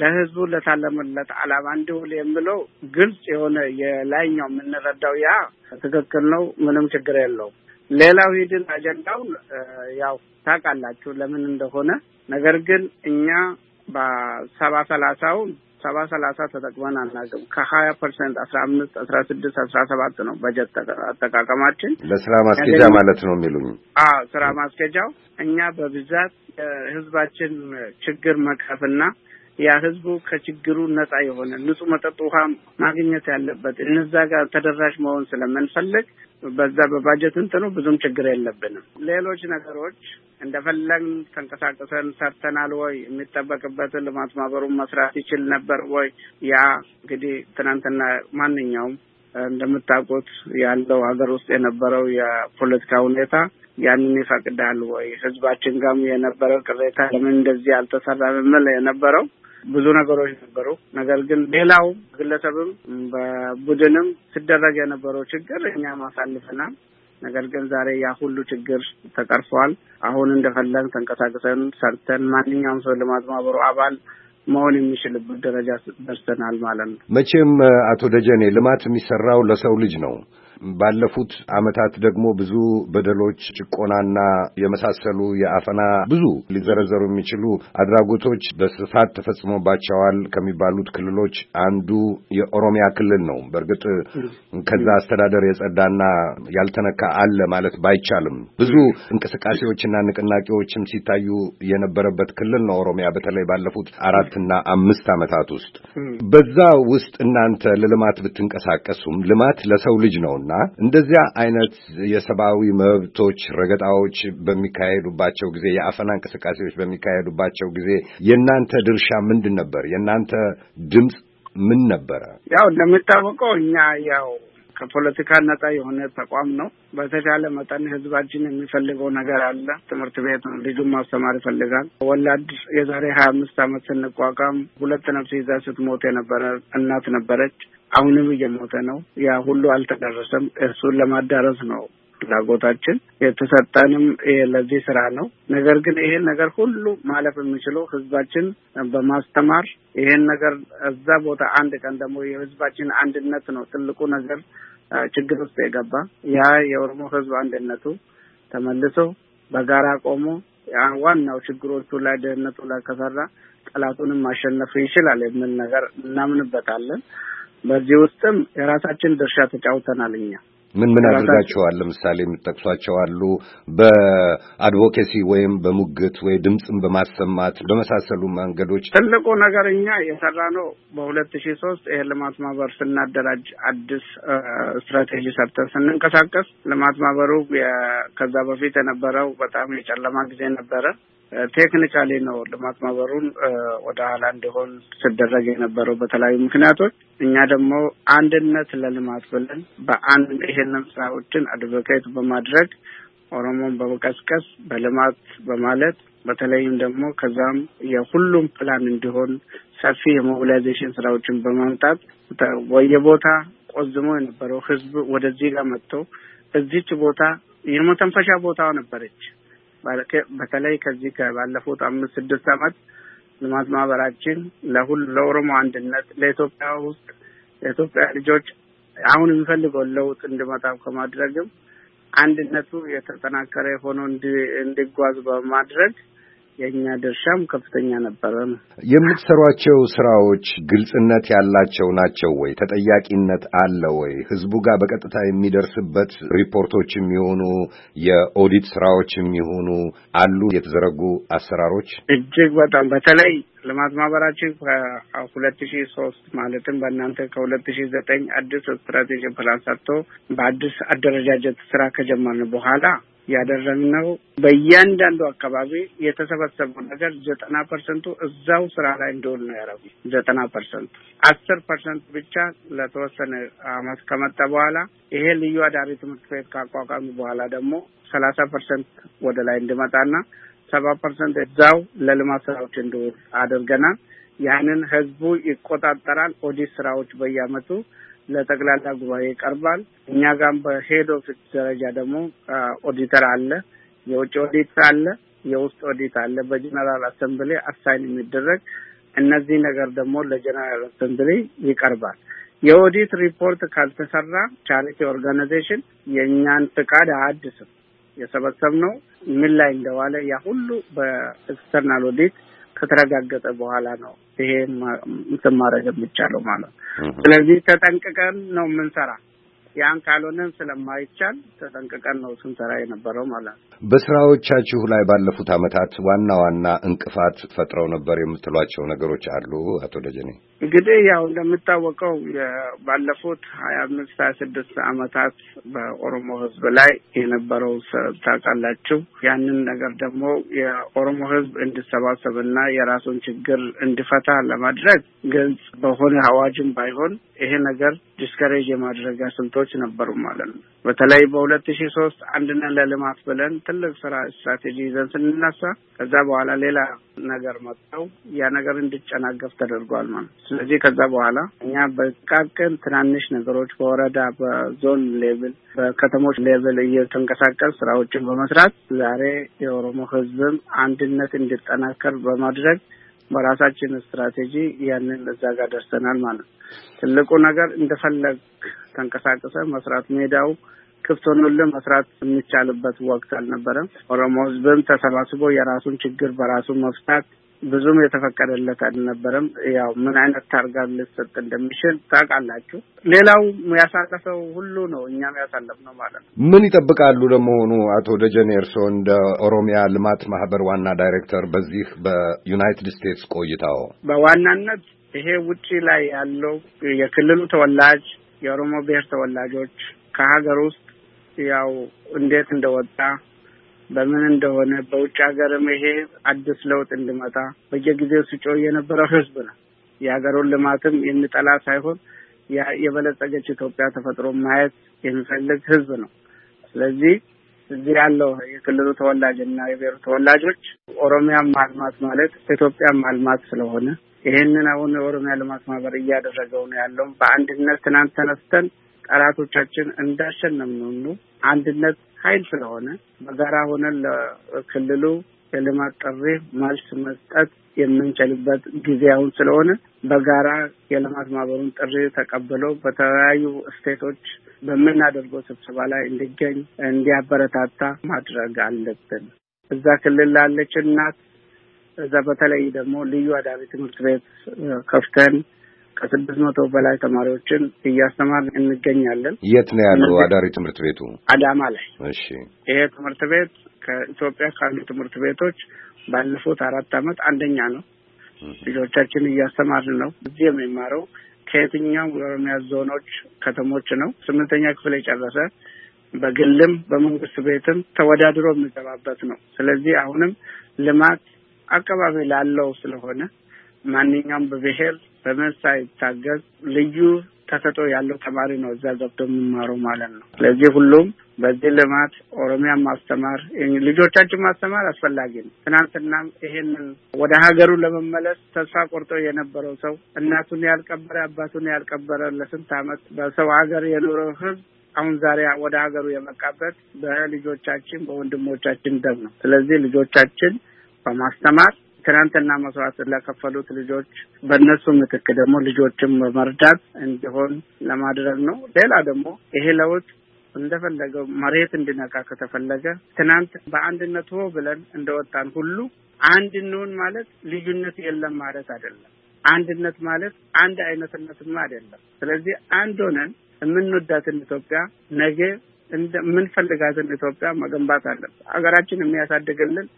ለህዝቡ ለታለመለት አላማ እንዲውል የሚለው ግልጽ የሆነ የላይኛው የምንረዳው ያ ትክክል ነው። ምንም ችግር የለውም። ሌላው ሂድን አጀንዳው ያው ታውቃላችሁ ለምን እንደሆነ ነገር ግን እኛ በሰባ ሰላሳውን ሰባ ሰላሳ ተጠቅመን አናውቅም። ከሀያ ፐርሰንት አስራ አምስት አስራ ስድስት አስራ ሰባት ነው በጀት አጠቃቀማችን ለስራ ማስኬጃ ማለት ነው የሚሉኝ። አዎ ስራ ማስኬጃው እኛ በብዛት የህዝባችን ችግር መቅረፍና ያ ህዝቡ ከችግሩ ነጻ የሆነ ንጹህ መጠጥ ውሃ ማግኘት ያለበት እነዛ ጋር ተደራሽ መሆን ስለምንፈልግ በዛ በባጀት እንትኑ ብዙም ችግር የለብንም። ሌሎች ነገሮች እንደፈለግን ተንቀሳቅሰን ሰርተናል ወይ? የሚጠበቅበትን ልማት ማህበሩን መስራት ይችል ነበር ወይ? ያ እንግዲህ ትናንትና ማንኛውም እንደምታውቁት ያለው ሀገር ውስጥ የነበረው የፖለቲካ ሁኔታ ያንን ይፈቅዳል ወይ? ህዝባችን ጋም የነበረው ቅሬታ ለምን እንደዚህ አልተሰራም የሚል የነበረው ብዙ ነገሮች ነበሩ። ነገር ግን ሌላውም ግለሰብም በቡድንም ሲደረግ የነበረው ችግር እኛም አሳልፈናል። ነገር ግን ዛሬ ያ ሁሉ ችግር ተቀርፏል። አሁን እንደፈለግ ተንቀሳቅሰን ሰርተን ማንኛውም ሰው ልማት ማህበሩ አባል መሆን የሚችልበት ደረጃ ደርሰናል ማለት ነው። መቼም አቶ ደጀኔ ልማት የሚሰራው ለሰው ልጅ ነው። ባለፉት ዓመታት ደግሞ ብዙ በደሎች፣ ጭቆናና የመሳሰሉ የአፈና ብዙ ሊዘረዘሩ የሚችሉ አድራጎቶች በስፋት ተፈጽሞባቸዋል ከሚባሉት ክልሎች አንዱ የኦሮሚያ ክልል ነው። በእርግጥ ከዛ አስተዳደር የጸዳና ያልተነካ አለ ማለት ባይቻልም ብዙ እንቅስቃሴዎችና ንቅናቄዎችም ሲታዩ የነበረበት ክልል ነው ኦሮሚያ በተለይ ባለፉት አራትና አምስት ዓመታት ውስጥ በዛ ውስጥ እናንተ ለልማት ብትንቀሳቀሱም ልማት ለሰው ልጅ ነውና እና እንደዚያ አይነት የሰብአዊ መብቶች ረገጣዎች በሚካሄዱባቸው ጊዜ የአፈና እንቅስቃሴዎች በሚካሄዱባቸው ጊዜ የእናንተ ድርሻ ምንድን ነበር? የእናንተ ድምፅ ምን ነበረ? ያው እንደሚታወቀው እኛ ያው ከፖለቲካ ነጻ የሆነ ተቋም ነው። በተቻለ መጠን ህዝባችን የሚፈልገው ነገር አለ። ትምህርት ቤት ልጁን ማስተማር ይፈልጋል። ወላድ የዛሬ ሀያ አምስት አመት ስንቋቋም ሁለት ነፍስ ይዛ ስትሞት የነበረ እናት ነበረች። አሁንም እየሞተ ነው። ያ ሁሉ አልተደረሰም። እሱን ለማዳረስ ነው ፍላጎታችን የተሰጠንም ለዚህ ስራ ነው። ነገር ግን ይሄን ነገር ሁሉ ማለፍ የሚችለው ህዝባችን በማስተማር ይሄን ነገር እዛ ቦታ አንድ ቀን ደግሞ የህዝባችን አንድነት ነው ትልቁ ነገር ችግር ውስጥ የገባ ያ የኦሮሞ ህዝብ አንድነቱ ተመልሶ በጋራ ቆሞ ዋናው ችግሮቹ ላይ ድህነቱ ላይ ከሰራ ጠላቱንም ማሸነፍ ይችላል የሚል ነገር እናምንበታለን። በዚህ ውስጥም የራሳችን ድርሻ ተጫውተናል እኛ። ምን ምን አድርጋችኋል? ለምሳሌ የምትጠቅሷቸው አሉ? በአድቮኬሲ ወይም በሙግት ወይ ድምፅን በማሰማት በመሳሰሉ መንገዶች ትልቁ ነገር እኛ የሰራ ነው። በሁለት ሺህ ሶስት ይህ ልማት ማህበር ስናደራጅ አዲስ ስትራቴጂ ሰርተን ስንንቀሳቀስ ልማት ማህበሩ ከዛ በፊት የነበረው በጣም የጨለማ ጊዜ ነበረ። ቴክኒካሊ ነው ልማት ማህበሩን ወደ ኋላ እንዲሆን ሲደረግ የነበረው በተለያዩ ምክንያቶች። እኛ ደግሞ አንድነት ለልማት ብለን በአንድ ይሄንን ስራዎችን አድቮኬት በማድረግ ኦሮሞን በመቀስቀስ በልማት በማለት በተለይም ደግሞ ከዛም የሁሉም ፕላን እንዲሆን ሰፊ የሞቢላይዜሽን ስራዎችን በማምጣት ወየቦታ ቆዝሞ የነበረው ህዝብ ወደዚህ ጋር መጥቶ እዚች ቦታ የመተንፈሻ ቦታ ነበረች። በተለይ ከዚህ ከባለፉት አምስት ስድስት ዓመት ልማት ማህበራችን ለሁል ለኦሮሞ አንድነት ለኢትዮጵያ ውስጥ ለኢትዮጵያ ልጆች አሁን የሚፈልገውን ለውጥ እንድመጣ ከማድረግም አንድነቱ የተጠናከረ የሆነው እንዲጓዝ በማድረግ የእኛ ድርሻም ከፍተኛ ነበረ። የምትሰሯቸው ስራዎች ግልጽነት ያላቸው ናቸው ወይ? ተጠያቂነት አለ ወይ? ህዝቡ ጋር በቀጥታ የሚደርስበት ሪፖርቶች የሚሆኑ የኦዲት ስራዎች የሚሆኑ አሉ የተዘረጉ አሰራሮች እጅግ በጣም በተለይ ልማት ማህበራችን ከሁለት ሺ ሶስት ማለትም በእናንተ ከሁለት ሺ ዘጠኝ አዲስ ስትራቴጂ ፕላን ሰጥቶ በአዲስ አደረጃጀት ስራ ከጀመርን በኋላ ያደረግነው በእያንዳንዱ አካባቢ የተሰበሰበው ነገር ዘጠና ፐርሰንቱ እዛው ስራ ላይ እንደሆን ነው ያረጉ። ዘጠና ፐርሰንቱ አስር ፐርሰንት ብቻ ለተወሰነ አመት ከመጣ በኋላ ይሄ ልዩ አዳሪ ትምህርት ቤት ካቋቋሚ በኋላ ደግሞ ሰላሳ ፐርሰንት ወደ ላይ እንዲመጣና ሰባ ፐርሰንት እዛው ለልማት ስራዎች እንደሆን አድርገናል። ያንን ህዝቡ ይቆጣጠራል። ኦዲት ስራዎች በየአመቱ ለጠቅላላ ጉባኤ ይቀርባል። እኛ ጋም በሄድ ኦፊስ ደረጃ ደግሞ ኦዲተር አለ፣ የውጭ ኦዲት አለ፣ የውስጥ ኦዲት አለ። በጀነራል አሰምብሌ አሳይን የሚደረግ እነዚህ ነገር ደግሞ ለጀነራል አሰምብሌ ይቀርባል። የኦዲት ሪፖርት ካልተሰራ ቻሪቲ ኦርጋናይዜሽን የእኛን ፍቃድ አያድስም። የሰበሰብ ነው ምን ላይ እንደዋለ ያ ሁሉ በኤክስተርናል ኦዲት ከተረጋገጠ በኋላ ነው ይሄ እንትን ማድረግ የሚቻለው ማለት። ስለዚህ ተጠንቅቀን ነው የምንሰራ። ያን ካልሆነን ስለማይቻል ተጠንቅቀን ነው ስንሰራ የነበረው ማለት ነው። በስራዎቻችሁ ላይ ባለፉት አመታት ዋና ዋና እንቅፋት ፈጥረው ነበር የምትሏቸው ነገሮች አሉ አቶ ደጀኔ? እንግዲህ ያው እንደምታወቀው ባለፉት ሀያ አምስት ሀያ ስድስት አመታት በኦሮሞ ህዝብ ላይ የነበረው ታውቃላችሁ። ያንን ነገር ደግሞ የኦሮሞ ህዝብ እንዲሰባሰብና የራሱን ችግር እንዲፈታ ለማድረግ ግልጽ በሆነ አዋጅም ባይሆን ይሄ ነገር ዲስከሬጅ የማድረግ ስልቶ ለውጦች ነበሩ ማለት ነው። በተለይ በሁለት ሺ ሶስት አንድነን ለልማት ብለን ትልቅ ስራ ስትራቴጂ ይዘን ስንነሳ ከዛ በኋላ ሌላ ነገር መጥተው ያ ነገር እንዲጨናገፍ ተደርጓል ማለት ነው። ስለዚህ ከዛ በኋላ እኛ በጥቃቅን ትናንሽ ነገሮች በወረዳ በዞን ሌቭል፣ በከተሞች ሌቭል እየተንቀሳቀስ ስራዎችን በመስራት ዛሬ የኦሮሞ ህዝብም አንድነት እንዲጠናከር በማድረግ በራሳችን ስትራቴጂ ያንን እዛ ጋር ደርሰናል ማለት ነው። ትልቁ ነገር እንደፈለግ ተንቀሳቀሰ መስራት ሜዳው ክፍት ሆኖልን መስራት የሚቻልበት ወቅት አልነበረም። ኦሮሞ ህዝብም ተሰባስቦ የራሱን ችግር በራሱ መፍታት ብዙም የተፈቀደለት አልነበረም። ያው ምን አይነት ታርጋ ልሰጥ እንደሚችል ታውቃላችሁ። ሌላው ያሳለፈው ሁሉ ነው፣ እኛም ነው ማለት ነው። ምን ይጠብቃሉ ለመሆኑ አቶ ደጀኔ እርስዎ እንደ ኦሮሚያ ልማት ማህበር ዋና ዳይሬክተር በዚህ በዩናይትድ ስቴትስ ቆይታው በዋናነት ይሄ ውጪ ላይ ያለው የክልሉ ተወላጅ የኦሮሞ ብሔር ተወላጆች ከሀገር ውስጥ ያው እንዴት እንደወጣ በምን እንደሆነ በውጭ ሀገርም ይሄ አዲስ ለውጥ እንዲመጣ በየጊዜው ስጮ የነበረው ህዝብ ነው። የሀገሩን ልማትም የሚጠላ ሳይሆን የበለጸገች ኢትዮጵያ ተፈጥሮ ማየት የሚፈልግ ህዝብ ነው። ስለዚህ እዚህ ያለው የክልሉ ተወላጅና የብሔሩ ተወላጆች ኦሮሚያን ማልማት ማለት ኢትዮጵያን ማልማት ስለሆነ ይህንን አሁን የኦሮሚያ ልማት ማህበር እያደረገው ነው ያለውም በአንድነት ትናንት ተነስተን ጠላቶቻችን እንዳሸነፍን ሁሉ አንድነት ኃይል ስለሆነ በጋራ ሆነን ለክልሉ የልማት ጥሪ መልስ መስጠት የምንችልበት ጊዜ አሁን ስለሆነ በጋራ የልማት ማህበሩን ጥሪ ተቀብሎ በተለያዩ ስቴቶች በምናደርገው ስብሰባ ላይ እንዲገኝ እንዲያበረታታ ማድረግ አለብን። እዛ ክልል ላለች እናት እዛ በተለይ ደግሞ ልዩ አዳሪ ትምህርት ቤት ከፍተን ከስድስት መቶ በላይ ተማሪዎችን እያስተማር እንገኛለን። የት ነው ያለው አዳሪ ትምህርት ቤቱ? አዳማ ላይ። እሺ። ይሄ ትምህርት ቤት ከኢትዮጵያ ካሉ ትምህርት ቤቶች ባለፉት አራት ዓመት አንደኛ ነው። ልጆቻችን እያስተማርን ነው። እዚህ የሚማረው ከየትኛው የኦሮሚያ ዞኖች ከተሞች ነው። ስምንተኛ ክፍል የጨረሰ በግልም በመንግስት ቤትም ተወዳድሮ የሚገባበት ነው። ስለዚህ አሁንም ልማት አካባቢ ላለው ስለሆነ ማንኛውም በብሔር በመርሳ ይታገዝ ልዩ ተሰጦ ያለው ተማሪ ነው እዛ ገብቶ የሚማረው ማለት ነው። ስለዚህ ሁሉም በዚህ ልማት ኦሮሚያን ማስተማር ልጆቻችን ማስተማር አስፈላጊ ነው። ትናንትናም ይሄንን ወደ ሀገሩ ለመመለስ ተስፋ ቆርጦ የነበረው ሰው እናቱን ያልቀበረ አባቱን ያልቀበረ ለስንት ዓመት በሰው ሀገር የኖረው ህዝብ አሁን ዛሬ ወደ ሀገሩ የመቃበት በልጆቻችን በወንድሞቻችን ደም ነው። ስለዚህ ልጆቻችን በማስተማር ትናንትና መስዋዕት ለከፈሉት ልጆች በእነሱ ምትክ ደግሞ ልጆችን በመርዳት እንዲሆን ለማድረግ ነው። ሌላ ደግሞ ይሄ ለውጥ እንደፈለገው መሬት እንዲነካ ከተፈለገ ትናንት በአንድነት ሆ ብለን እንደወጣን ሁሉ አንድ እንሁን ማለት ልዩነት የለም ማለት አይደለም። አንድነት ማለት አንድ አይነትነትም አይደለም። ስለዚህ አንድ ሆነን የምንወዳትን ኢትዮጵያ ነገ እንደምንፈልጋትን ኢትዮጵያ መገንባት አለብን። ሀገራችን የሚያሳድግልን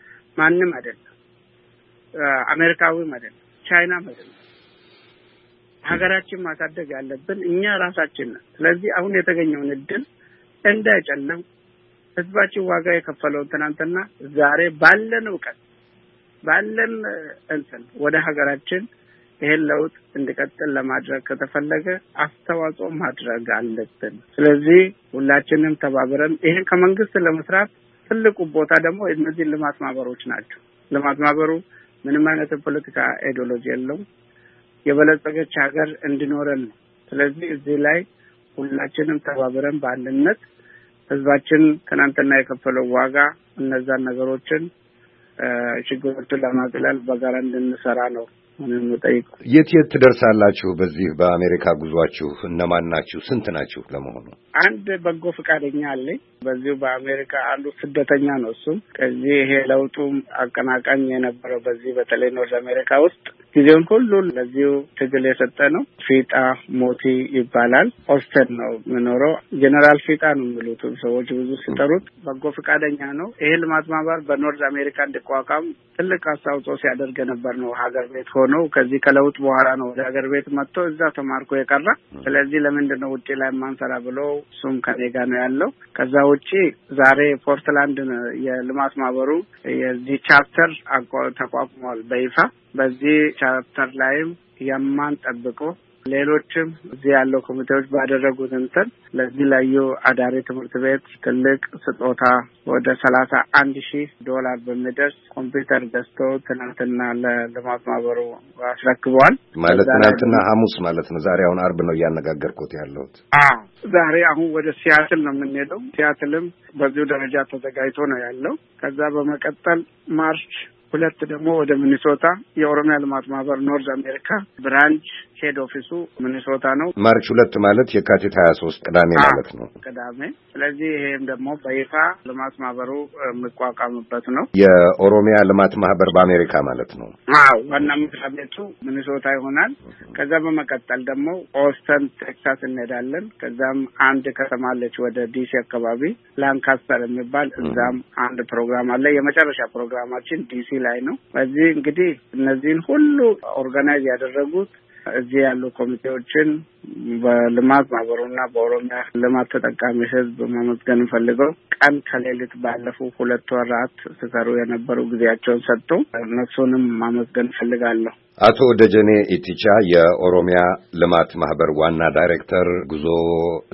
ማንም አይደለም። አሜሪካዊም አይደለም፣ ቻይናም አይደለም። ሀገራችን ማሳደግ ያለብን እኛ ራሳችን ነን። ስለዚህ አሁን የተገኘውን እድል እንዳይጨለም ህዝባችን ዋጋ የከፈለውን ትናንትና ዛሬ ባለን እውቀት ባለን እንትን ወደ ሀገራችን ይሄን ለውጥ እንዲቀጥል ለማድረግ ከተፈለገ አስተዋጽኦ ማድረግ አለብን። ስለዚህ ሁላችንም ተባብረን ይሄን ከመንግስት ለመስራት ትልቁ ቦታ ደግሞ እነዚህን ልማት ማህበሮች ናቸው። ልማት ማህበሩ ምንም አይነት የፖለቲካ አይዲዮሎጂ የለውም። የበለጸገች ሀገር እንዲኖረን ስለዚህ እዚህ ላይ ሁላችንም ተባብረን በአንድነት ህዝባችን ትናንትና የከፈለው ዋጋ እነዛን ነገሮችን ችግሮችን ለማቅለል በጋራ እንድንሰራ ነው የት የት ትደርሳላችሁ? በዚህ በአሜሪካ ጉዟችሁ እነማን ናችሁ? ስንት ናችሁ ለመሆኑ? አንድ በጎ ፈቃደኛ አለኝ በዚሁ በአሜሪካ አንዱ ስደተኛ ነው። እሱም ከዚህ ይሄ ለውጡ አቀናቃኝ የነበረው በዚህ በተለይ ኖርዝ አሜሪካ ውስጥ ጊዜውን ሁሉ ለዚሁ ትግል የሰጠ ነው። ፊጣ ሞቲ ይባላል። ኦስተን ነው የምኖረው። ጀነራል ፊጣ ነው የሚሉት ሰዎች ብዙ ሲጠሩት። በጎ ፈቃደኛ ነው። ይሄ ልማት ማህበር በኖርዝ አሜሪካ እንዲቋቋም ትልቅ አስተዋጽኦ ሲያደርግ የነበር ነው ሀገር ቤት የሆነው ከዚህ ከለውጥ በኋላ ነው ወደ ሀገር ቤት መጥቶ እዛ ተማርኮ የቀረ። ስለዚህ ለምንድን ነው ውጭ ላይ ማንሰራ ብሎ እሱም ከኔ ጋር ነው ያለው። ከዛ ውጭ ዛሬ ፖርትላንድ የልማት ማህበሩ የዚህ ቻርተር ተቋቁሟል በይፋ በዚህ ቻርተር ላይም የማን ጠብቆ? ሌሎችም እዚህ ያለው ኮሚቴዎች ባደረጉት እንትን ለዚህ ላዩ አዳሪ ትምህርት ቤት ትልቅ ስጦታ ወደ ሰላሳ አንድ ሺህ ዶላር በሚደርስ ኮምፒውተር ገዝቶ ትናንትና ለልማት ማህበሩ አስረክበዋል። ማለት ትናንትና ሐሙስ ማለት ነው። ዛሬ አሁን አርብ ነው እያነጋገርኩት ያለሁት። ዛሬ አሁን ወደ ሲያትል ነው የምንሄደው። ሲያትልም በዚሁ ደረጃ ተዘጋጅቶ ነው ያለው። ከዛ በመቀጠል ማርች ሁለት ደግሞ ወደ ሚኒሶታ የኦሮሚያ ልማት ማህበር ኖርዝ አሜሪካ ብራንች ሄድ ኦፊሱ ሚኒሶታ ነው። ማርች ሁለት ማለት የካቲት ሀያ ሶስት ቅዳሜ ማለት ነው። ቅዳሜ። ስለዚህ ይሄም ደግሞ በይፋ ልማት ማህበሩ የሚቋቋምበት ነው። የኦሮሚያ ልማት ማህበር በአሜሪካ ማለት ነው። አዎ፣ ዋና መስሪያ ቤቱ ሚኒሶታ ይሆናል። ከዛ በመቀጠል ደግሞ ኦስተን ቴክሳስ እንሄዳለን። ከዛም አንድ ከተማ አለች ወደ ዲሲ አካባቢ ላንካስተር የሚባል እዛም አንድ ፕሮግራም አለ። የመጨረሻ ፕሮግራማችን ዲሲ ላይ ነው። በዚህ እንግዲህ እነዚህን ሁሉ ኦርጋናይዝ ያደረጉት እዚህ ያሉ ኮሚቴዎችን በልማት ማህበሩና በኦሮሚያ ልማት ተጠቃሚ ህዝብ ማመስገን እንፈልገው። ቀን ከሌሊት ባለፉ ሁለት ወራት ሲሰሩ የነበሩ ጊዜያቸውን ሰጡ። እነሱንም ማመስገን እፈልጋለሁ። አቶ ደጀኔ ኢቲቻ የኦሮሚያ ልማት ማህበር ዋና ዳይሬክተር፣ ጉዞ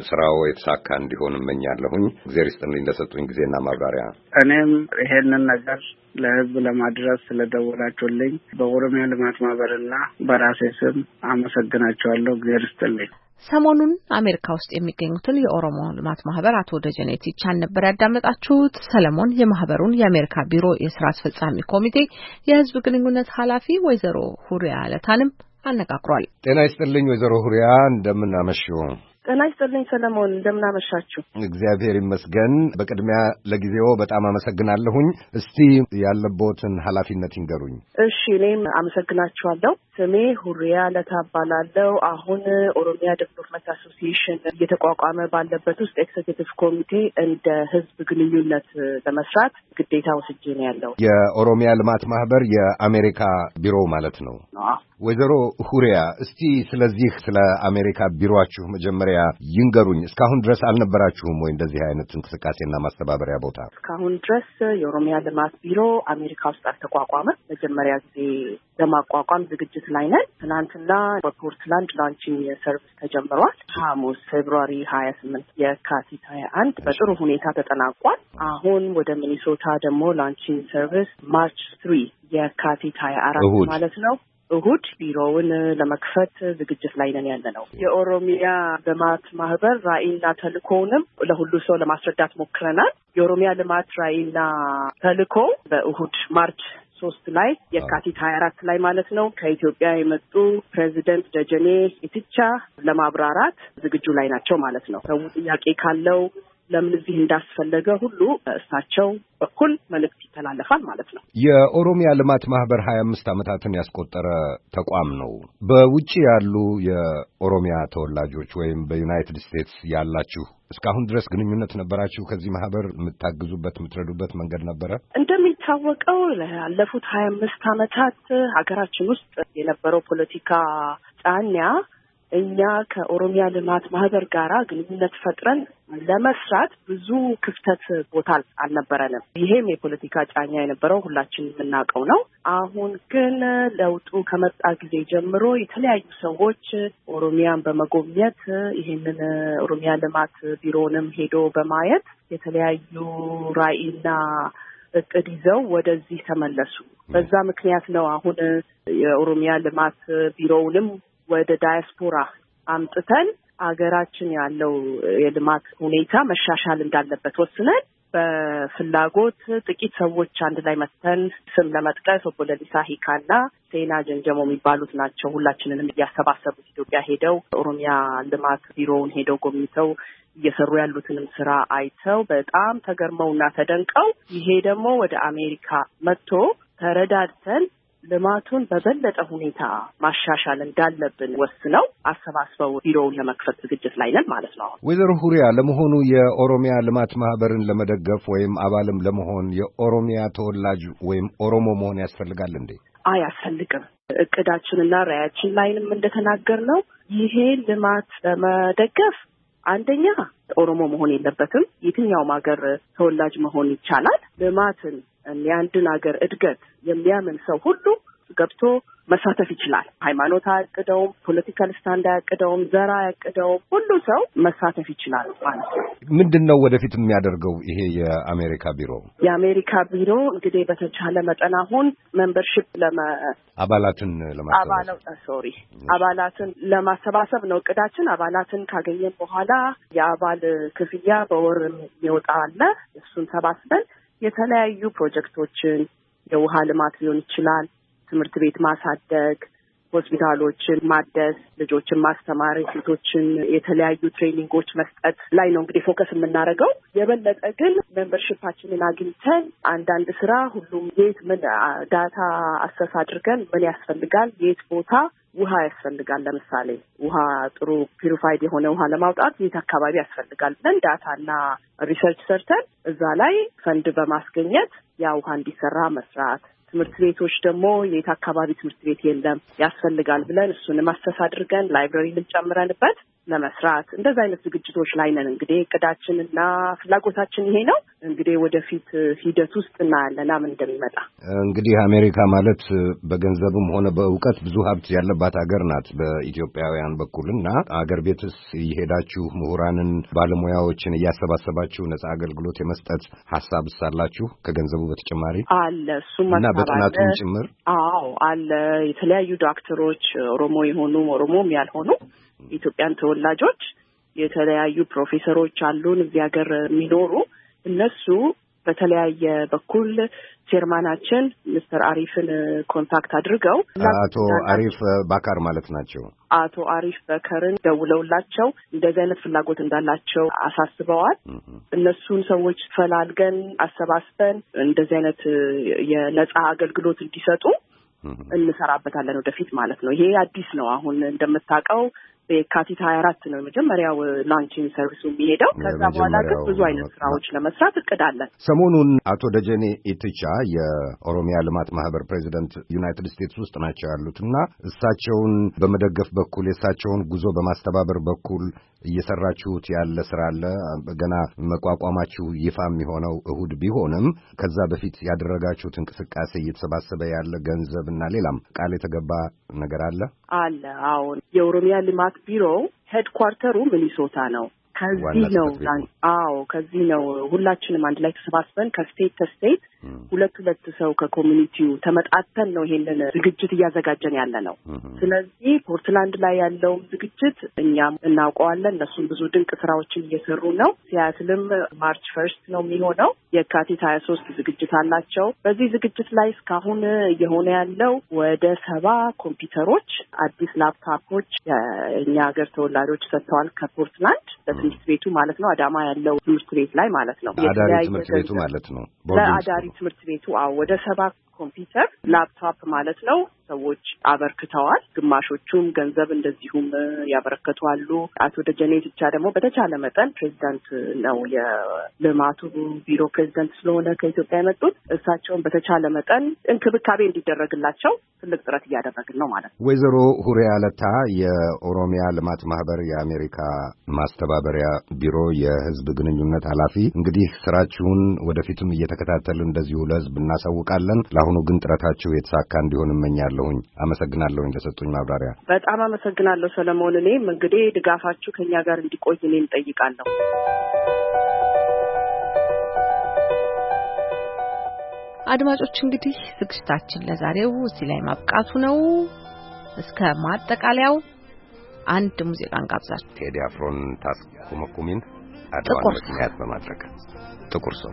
ስራው የተሳካ እንዲሆን እመኛለሁኝ። እግዜር ይስጥልኝ ለሰጡኝ ጊዜና ማብራሪያ። እኔም ይሄንን ነገር ለህዝብ ለማድረስ ስለደወላችሁልኝ በኦሮሚያ ልማት ማህበርና በራሴ ስም አመሰግናቸዋለሁ። እግዜር ይስጥልኝ። ሰሞኑን አሜሪካ ውስጥ የሚገኙትን የኦሮሞ ልማት ማህበር አቶ ደጀኔ ቲቻን ነበር ያዳመጣችሁት። ሰለሞን የማህበሩን የአሜሪካ ቢሮ የስራ አስፈጻሚ ኮሚቴ የህዝብ ግንኙነት ኃላፊ ወይዘሮ ሁሪያ ለታንም አነጋግሯል። ጤና ይስጥልኝ ወይዘሮ ሁሪያ እንደምናመሽው። ጤና ይስጥልኝ ሰለሞን፣ እንደምናመሻችሁ። እግዚአብሔር ይመስገን። በቅድሚያ ለጊዜው በጣም አመሰግናለሁኝ። እስቲ ያለቦትን ኃላፊነት ይንገሩኝ። እሺ፣ እኔም አመሰግናችኋለሁ። ስሜ ሁሪያ ለታ እባላለሁ። አሁን ኦሮሚያ ዴቨሎፕመንት አሶሲዬሽን እየተቋቋመ ባለበት ውስጥ ኤክዘኪቲቭ ኮሚቴ እንደ ህዝብ ግንኙነት ለመስራት ግዴታ ወስጄ ነው ያለው። የኦሮሚያ ልማት ማህበር የአሜሪካ ቢሮ ማለት ነው። ወይዘሮ ሁሪያ እስቲ ስለዚህ ስለ አሜሪካ ቢሮችሁ መጀመሪያ ማስተባበሪያ ይንገሩኝ። እስካሁን ድረስ አልነበራችሁም ወይ እንደዚህ አይነት እንቅስቃሴና ማስተባበሪያ ቦታ? እስካሁን ድረስ የኦሮሚያ ልማት ቢሮ አሜሪካ ውስጥ አልተቋቋመ። መጀመሪያ ጊዜ ለማቋቋም ዝግጅት ላይ ነን። ትናንትና በፖርትላንድ ላንቺን የሰርቪስ ተጀምሯል። ሐሙስ ፌብሩዋሪ ሀያ ስምንት የካቲት ሀያ አንድ በጥሩ ሁኔታ ተጠናቋል። አሁን ወደ ሚኒሶታ ደግሞ ላንቺን ሰርቪስ ማርች ስሪ የካቲት ሀያ አራት ማለት ነው እሁድ ቢሮውን ለመክፈት ዝግጅት ላይ ነን ያለ ነው። የኦሮሚያ ልማት ማህበር ራዕይና ተልእኮውንም ለሁሉ ሰው ለማስረዳት ሞክረናል። የኦሮሚያ ልማት ራዕይና ተልእኮ በእሁድ ማርች ሶስት ላይ የካቲት ሀያ አራት ላይ ማለት ነው ከኢትዮጵያ የመጡ ፕሬዚደንት ደጀኔ ኢትቻ ለማብራራት ዝግጁ ላይ ናቸው ማለት ነው። ሰው ጥያቄ ካለው ለምን እዚህ እንዳስፈለገ ሁሉ እሳቸው በኩል መልእክት ይተላለፋል ማለት ነው። የኦሮሚያ ልማት ማህበር ሀያ አምስት ዓመታትን ያስቆጠረ ተቋም ነው። በውጭ ያሉ የኦሮሚያ ተወላጆች ወይም በዩናይትድ ስቴትስ ያላችሁ እስካሁን ድረስ ግንኙነት ነበራችሁ? ከዚህ ማህበር የምታግዙበት የምትረዱበት መንገድ ነበረ? እንደሚታወቀው ላለፉት ሀያ አምስት ዓመታት ሀገራችን ውስጥ የነበረው ፖለቲካ ጫና እኛ ከኦሮሚያ ልማት ማህበር ጋር ግንኙነት ፈጥረን ለመስራት ብዙ ክፍተት ቦታ አልነበረንም። ይሄም የፖለቲካ ጫኛ የነበረው ሁላችን የምናውቀው ነው። አሁን ግን ለውጡ ከመጣ ጊዜ ጀምሮ የተለያዩ ሰዎች ኦሮሚያን በመጎብኘት ይሄንን ኦሮሚያ ልማት ቢሮንም ሄዶ በማየት የተለያዩ ራዕይና እቅድ ይዘው ወደዚህ ተመለሱ። በዛ ምክንያት ነው አሁን የኦሮሚያ ልማት ቢሮውንም ወደ ዳያስፖራ አምጥተን አገራችን ያለው የልማት ሁኔታ መሻሻል እንዳለበት ወስነን በፍላጎት ጥቂት ሰዎች አንድ ላይ መጥተን ስም ለመጥቀስ ኦቦ ለሊሳ ሂካና ሴና ጀንጀሞ የሚባሉት ናቸው። ሁላችንንም እያሰባሰቡት ኢትዮጵያ ሄደው ኦሮሚያ ልማት ቢሮውን ሄደው ጎብኝተው እየሰሩ ያሉትንም ስራ አይተው በጣም ተገርመውና ተደንቀው ይሄ ደግሞ ወደ አሜሪካ መጥቶ ተረዳድተን ልማቱን በበለጠ ሁኔታ ማሻሻል እንዳለብን ወስነው አሰባስበው ቢሮውን ለመክፈት ዝግጅት ላይ ነን ማለት ነው። ወይዘሮ ሁሪያ ለመሆኑ የኦሮሚያ ልማት ማህበርን ለመደገፍ ወይም አባልም ለመሆን የኦሮሚያ ተወላጅ ወይም ኦሮሞ መሆን ያስፈልጋል እንዴ? አያስፈልግም። እቅዳችንና ራያችን ላይንም እንደተናገር ነው ይሄ ልማት ለመደገፍ አንደኛ ኦሮሞ መሆን የለበትም። የትኛውም ሀገር ተወላጅ መሆን ይቻላል። ልማትን የአንድን ሀገር እድገት የሚያምን ሰው ሁሉ ገብቶ መሳተፍ ይችላል። ሃይማኖት አያቅደውም፣ ፖለቲካል ስታንድ አያቅደውም፣ ዘር አያቅደውም። ሁሉ ሰው መሳተፍ ይችላል ማለት ነው። ምንድን ነው ወደፊት የሚያደርገው ይሄ የአሜሪካ ቢሮ? የአሜሪካ ቢሮ እንግዲህ በተቻለ መጠን አሁን መንበርሽፕ ለመ አባላትን ለማሰባሰብ ሶሪ አባላትን ለማሰባሰብ ነው እቅዳችን። አባላትን ካገኘን በኋላ የአባል ክፍያ በወር የሚወጣ አለ። እሱን ሰባስበን የተለያዩ ፕሮጀክቶችን የውሃ ልማት ሊሆን ይችላል፣ ትምህርት ቤት ማሳደግ፣ ሆስፒታሎችን ማደስ፣ ልጆችን ማስተማር፣ ሴቶችን የተለያዩ ትሬኒንጎች መስጠት ላይ ነው እንግዲህ ፎከስ የምናደርገው። የበለጠ ግን ሜምበርሺፓችንን አግኝተን አንዳንድ ስራ ሁሉም የት ምን ዳታ አሰስ አድርገን ምን ያስፈልጋል የት ቦታ ውሃ ያስፈልጋል። ለምሳሌ ውሃ ጥሩ ፒሪፋይድ የሆነ ውሃ ለማውጣት የት አካባቢ ያስፈልጋል ብለን ዳታና ሪሰርች ሰርተን እዛ ላይ ፈንድ በማስገኘት ያ ውሃ እንዲሰራ መስራት ትምህርት ቤቶች ደግሞ የት አካባቢ ትምህርት ቤት የለም ያስፈልጋል ብለን ማስተስ አድርገን ላይብረሪ ልንጨምረንበት ለመስራት እንደዚ አይነት ዝግጅቶች ላይ ነን። እንግዲህ እቅዳችንና ፍላጎታችን ይሄ ነው። እንግዲህ ወደፊት ሂደት ውስጥ እናያለን ምን እንደሚመጣ። እንግዲህ አሜሪካ ማለት በገንዘብም ሆነ በእውቀት ብዙ ሀብት ያለባት ሀገር ናት በኢትዮጵያውያን በኩል እና አገር ቤትስ እየሄዳችሁ ምሁራንን፣ ባለሙያዎችን እያሰባሰባችሁ ነጻ አገልግሎት የመስጠት ሀሳብ አላችሁ? ከገንዘቡ በተጨማሪ አለ እሱም እና በጥናቱም ጭምር አዎ አለ የተለያዩ ዶክተሮች ኦሮሞ የሆኑም ኦሮሞም ያልሆኑ ኢትዮጵያን ተወላጆች የተለያዩ ፕሮፌሰሮች አሉን እዚህ ሀገር የሚኖሩ እነሱ በተለያየ በኩል ቼርማናችን ሚስተር አሪፍን ኮንታክት አድርገው አቶ አሪፍ ባካር ማለት ናቸው። አቶ አሪፍ በከርን ደውለውላቸው እንደዚህ አይነት ፍላጎት እንዳላቸው አሳስበዋል። እነሱን ሰዎች ፈላልገን አሰባስበን እንደዚህ አይነት የነጻ አገልግሎት እንዲሰጡ እንሰራበታለን ወደፊት ማለት ነው። ይሄ አዲስ ነው። አሁን እንደምታውቀው የካቲት ሀያ አራት ነው መጀመሪያው ላንቺንግ ሰርቪሱ የሚሄደው። ከዛ በኋላ ግን ብዙ አይነት ስራዎች ለመስራት እቅድ አለን። ሰሞኑን አቶ ደጀኔ ኢትቻ የኦሮሚያ ልማት ማህበር ፕሬዚደንት ዩናይትድ ስቴትስ ውስጥ ናቸው ያሉትና እሳቸውን በመደገፍ በኩል የእሳቸውን ጉዞ በማስተባበር በኩል እየሰራችሁት ያለ ስራ አለ። ገና መቋቋማችሁ ይፋ የሚሆነው እሁድ ቢሆንም ከዛ በፊት ያደረጋችሁት እንቅስቃሴ እየተሰባሰበ ያለ ገንዘብ እና ሌላም ቃል የተገባ ነገር አለ አለ። አሁን የኦሮሚያ ልማት ቢሮው ሄድኳርተሩ ሚኒሶታ ነው። ከዚህ ነው አዎ፣ ከዚህ ነው ሁላችንም አንድ ላይ ተሰባስበን ከስቴት ተስቴት ሁለት ሁለት ሰው ከኮሚኒቲው ተመጣተን ነው ይሄንን ዝግጅት እያዘጋጀን ያለ ነው። ስለዚህ ፖርትላንድ ላይ ያለውም ዝግጅት እኛም እናውቀዋለን። እነሱም ብዙ ድንቅ ስራዎችን እየሰሩ ነው። ሲያትልም ማርች ፈርስት ነው የሚሆነው የካቲት ሀያ ሶስት ዝግጅት አላቸው። በዚህ ዝግጅት ላይ እስካሁን እየሆነ ያለው ወደ ሰባ ኮምፒውተሮች አዲስ ላፕታፖች የእኛ ሀገር ተወላጆች ሰጥተዋል ከፖርትላንድ ትምህርት ቤቱ ማለት ነው። አዳማ ያለው ትምህርት ቤት ላይ ማለት ነው። አዳሪ ትምህርት ቤቱ ማለት ነው። ለአዳሪ ትምህርት ቤቱ አዎ፣ ወደ ሰባ ኮምፒውተር ላፕቶፕ ማለት ነው ሰዎች አበርክተዋል። ግማሾቹም ገንዘብ እንደዚሁም ያበረከቱ አሉ። አቶ ደጀኔ ብቻ ደግሞ በተቻለ መጠን ፕሬዚዳንት ነው የልማቱ ቢሮ ፕሬዚዳንት ስለሆነ ከኢትዮጵያ የመጡት እሳቸውን በተቻለ መጠን እንክብካቤ እንዲደረግላቸው ትልቅ ጥረት እያደረግን ነው ማለት ነው። ወይዘሮ ሁሬ አለታ የኦሮሚያ ልማት ማህበር የአሜሪካ ማስተባበሪያ ቢሮ የህዝብ ግንኙነት ኃላፊ፣ እንግዲህ ስራችሁን ወደፊትም እየተከታተል እንደዚሁ ለህዝብ እናሳውቃለን። ለአሁኑ ለአሁኑ ግን ጥረታችሁ የተሳካ እንዲሆን እመኛለሁኝ። አመሰግናለሁኝ ለሰጡኝ ማብራሪያ። በጣም አመሰግናለሁ ሰለሞን። እኔም እንግዲህ ድጋፋችሁ ከእኛ ጋር እንዲቆይ እኔ እንጠይቃለሁ። አድማጮች እንግዲህ ዝግጅታችን ለዛሬው እዚህ ላይ ማብቃቱ ነው። እስከ ማጠቃለያው አንድ ሙዚቃን ጋብዛችሁ ቴዲ አፍሮን ታስኩመኩሚን አድዋ ምክንያት በማድረግ ጥቁር ሰው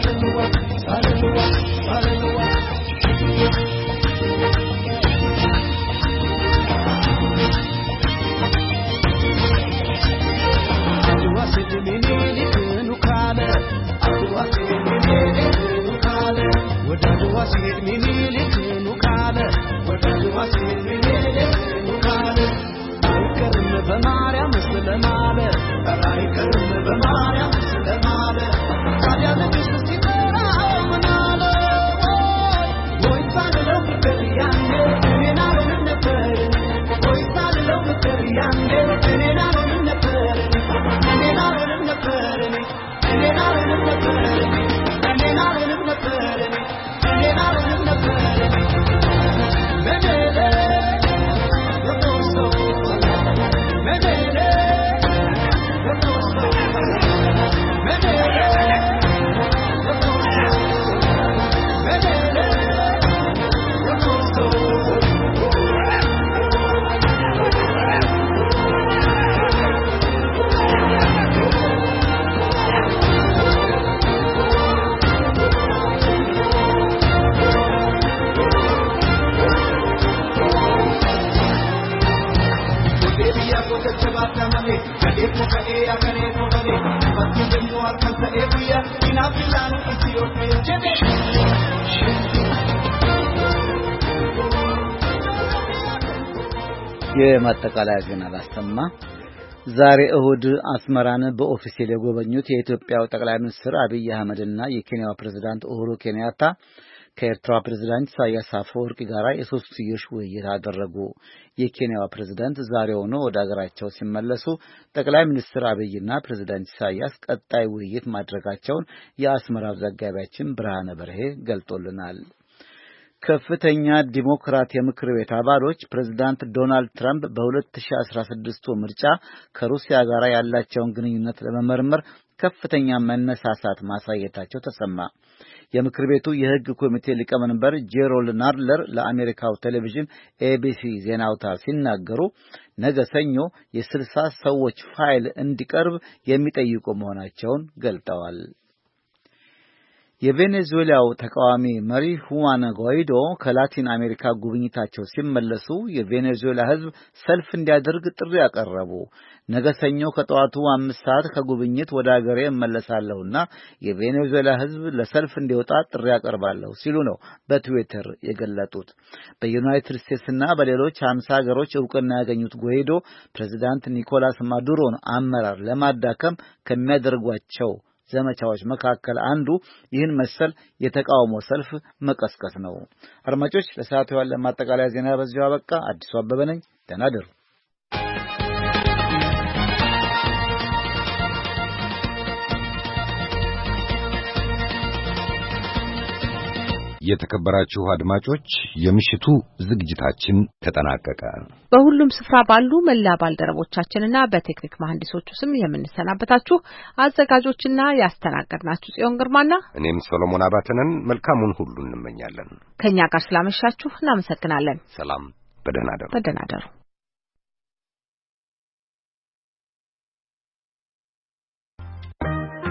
Thank you. አጠቃላይ ዜና ላሰማ። ዛሬ እሁድ አስመራን በኦፊሴል የጎበኙት የኢትዮጵያው ጠቅላይ ሚኒስትር አብይ አህመድና የኬንያው ፕሬዝዳንት ኡሁሩ ኬንያታ ከኤርትራ ፕሬዝዳንት ኢሳያስ አፈወርቂ ጋር የሶስትዮሽ ውይይት አደረጉ። የኬንያዋ ፕሬዝዳንት ዛሬውኑ ወደ አገራቸው ሲመለሱ ጠቅላይ ሚኒስትር አብይና ፕሬዝዳንት ኢሳያስ ቀጣይ ውይይት ማድረጋቸውን የአስመራው ዘጋቢያችን ብርሃነ በርሄ ገልጦልናል። ከፍተኛ ዲሞክራት የምክር ቤት አባሎች ፕሬዝዳንት ዶናልድ ትራምፕ በ 2016 ምርጫ ከሩሲያ ጋር ያላቸውን ግንኙነት ለመመርመር ከፍተኛ መነሳሳት ማሳየታቸው ተሰማ። የምክር ቤቱ የሕግ ኮሚቴ ሊቀመንበር ጄሮልድ ናድለር ለአሜሪካው ቴሌቪዥን ኤቢሲ ዜና አውታር ሲናገሩ ነገ ሰኞ የስልሳ ሰዎች ፋይል እንዲቀርብ የሚጠይቁ መሆናቸውን ገልጠዋል። የቬኔዙዌላው ተቃዋሚ መሪ ሁዋን ጓይዶ ከላቲን አሜሪካ ጉብኝታቸው ሲመለሱ የቬኔዙዌላ ሕዝብ ሰልፍ እንዲያደርግ ጥሪ ያቀረቡ። ነገ ሰኞ ከጠዋቱ አምስት ሰዓት ከጉብኝት ወደ አገሬ እመለሳለሁና የቬኔዙዌላ ሕዝብ ለሰልፍ እንዲወጣ ጥሪ አቀርባለሁ ሲሉ ነው በትዊተር የገለጡት። በዩናይትድ ስቴትስና በሌሎች ሀምሳ ሀገሮች እውቅና ያገኙት ጓይዶ ፕሬዚዳንት ኒኮላስ ማዱሮን አመራር ለማዳከም ከሚያደርጓቸው ዘመቻዎች መካከል አንዱ ይህን መሰል የተቃውሞ ሰልፍ መቀስቀስ ነው። አድማጮች፣ ለሰዓቱ ያለ ማጠቃለያ ዜና በዚሁ አበቃ። አዲሱ አበበ ነኝ። ደህና እደሩ። የተከበራችሁ አድማጮች፣ የምሽቱ ዝግጅታችን ተጠናቀቀ። በሁሉም ስፍራ ባሉ መላ ባልደረቦቻችንና በቴክኒክ መሐንዲሶቹ ስም የምንሰናበታችሁ አዘጋጆችና ያስተናገድናችሁ ጽዮን ግርማና እኔም ሰሎሞን አባተንን መልካሙን ሁሉ እንመኛለን። ከእኛ ጋር ስላመሻችሁ እናመሰግናለን። ሰላም፣ በደህና ደሩ። በደህና ደሩ።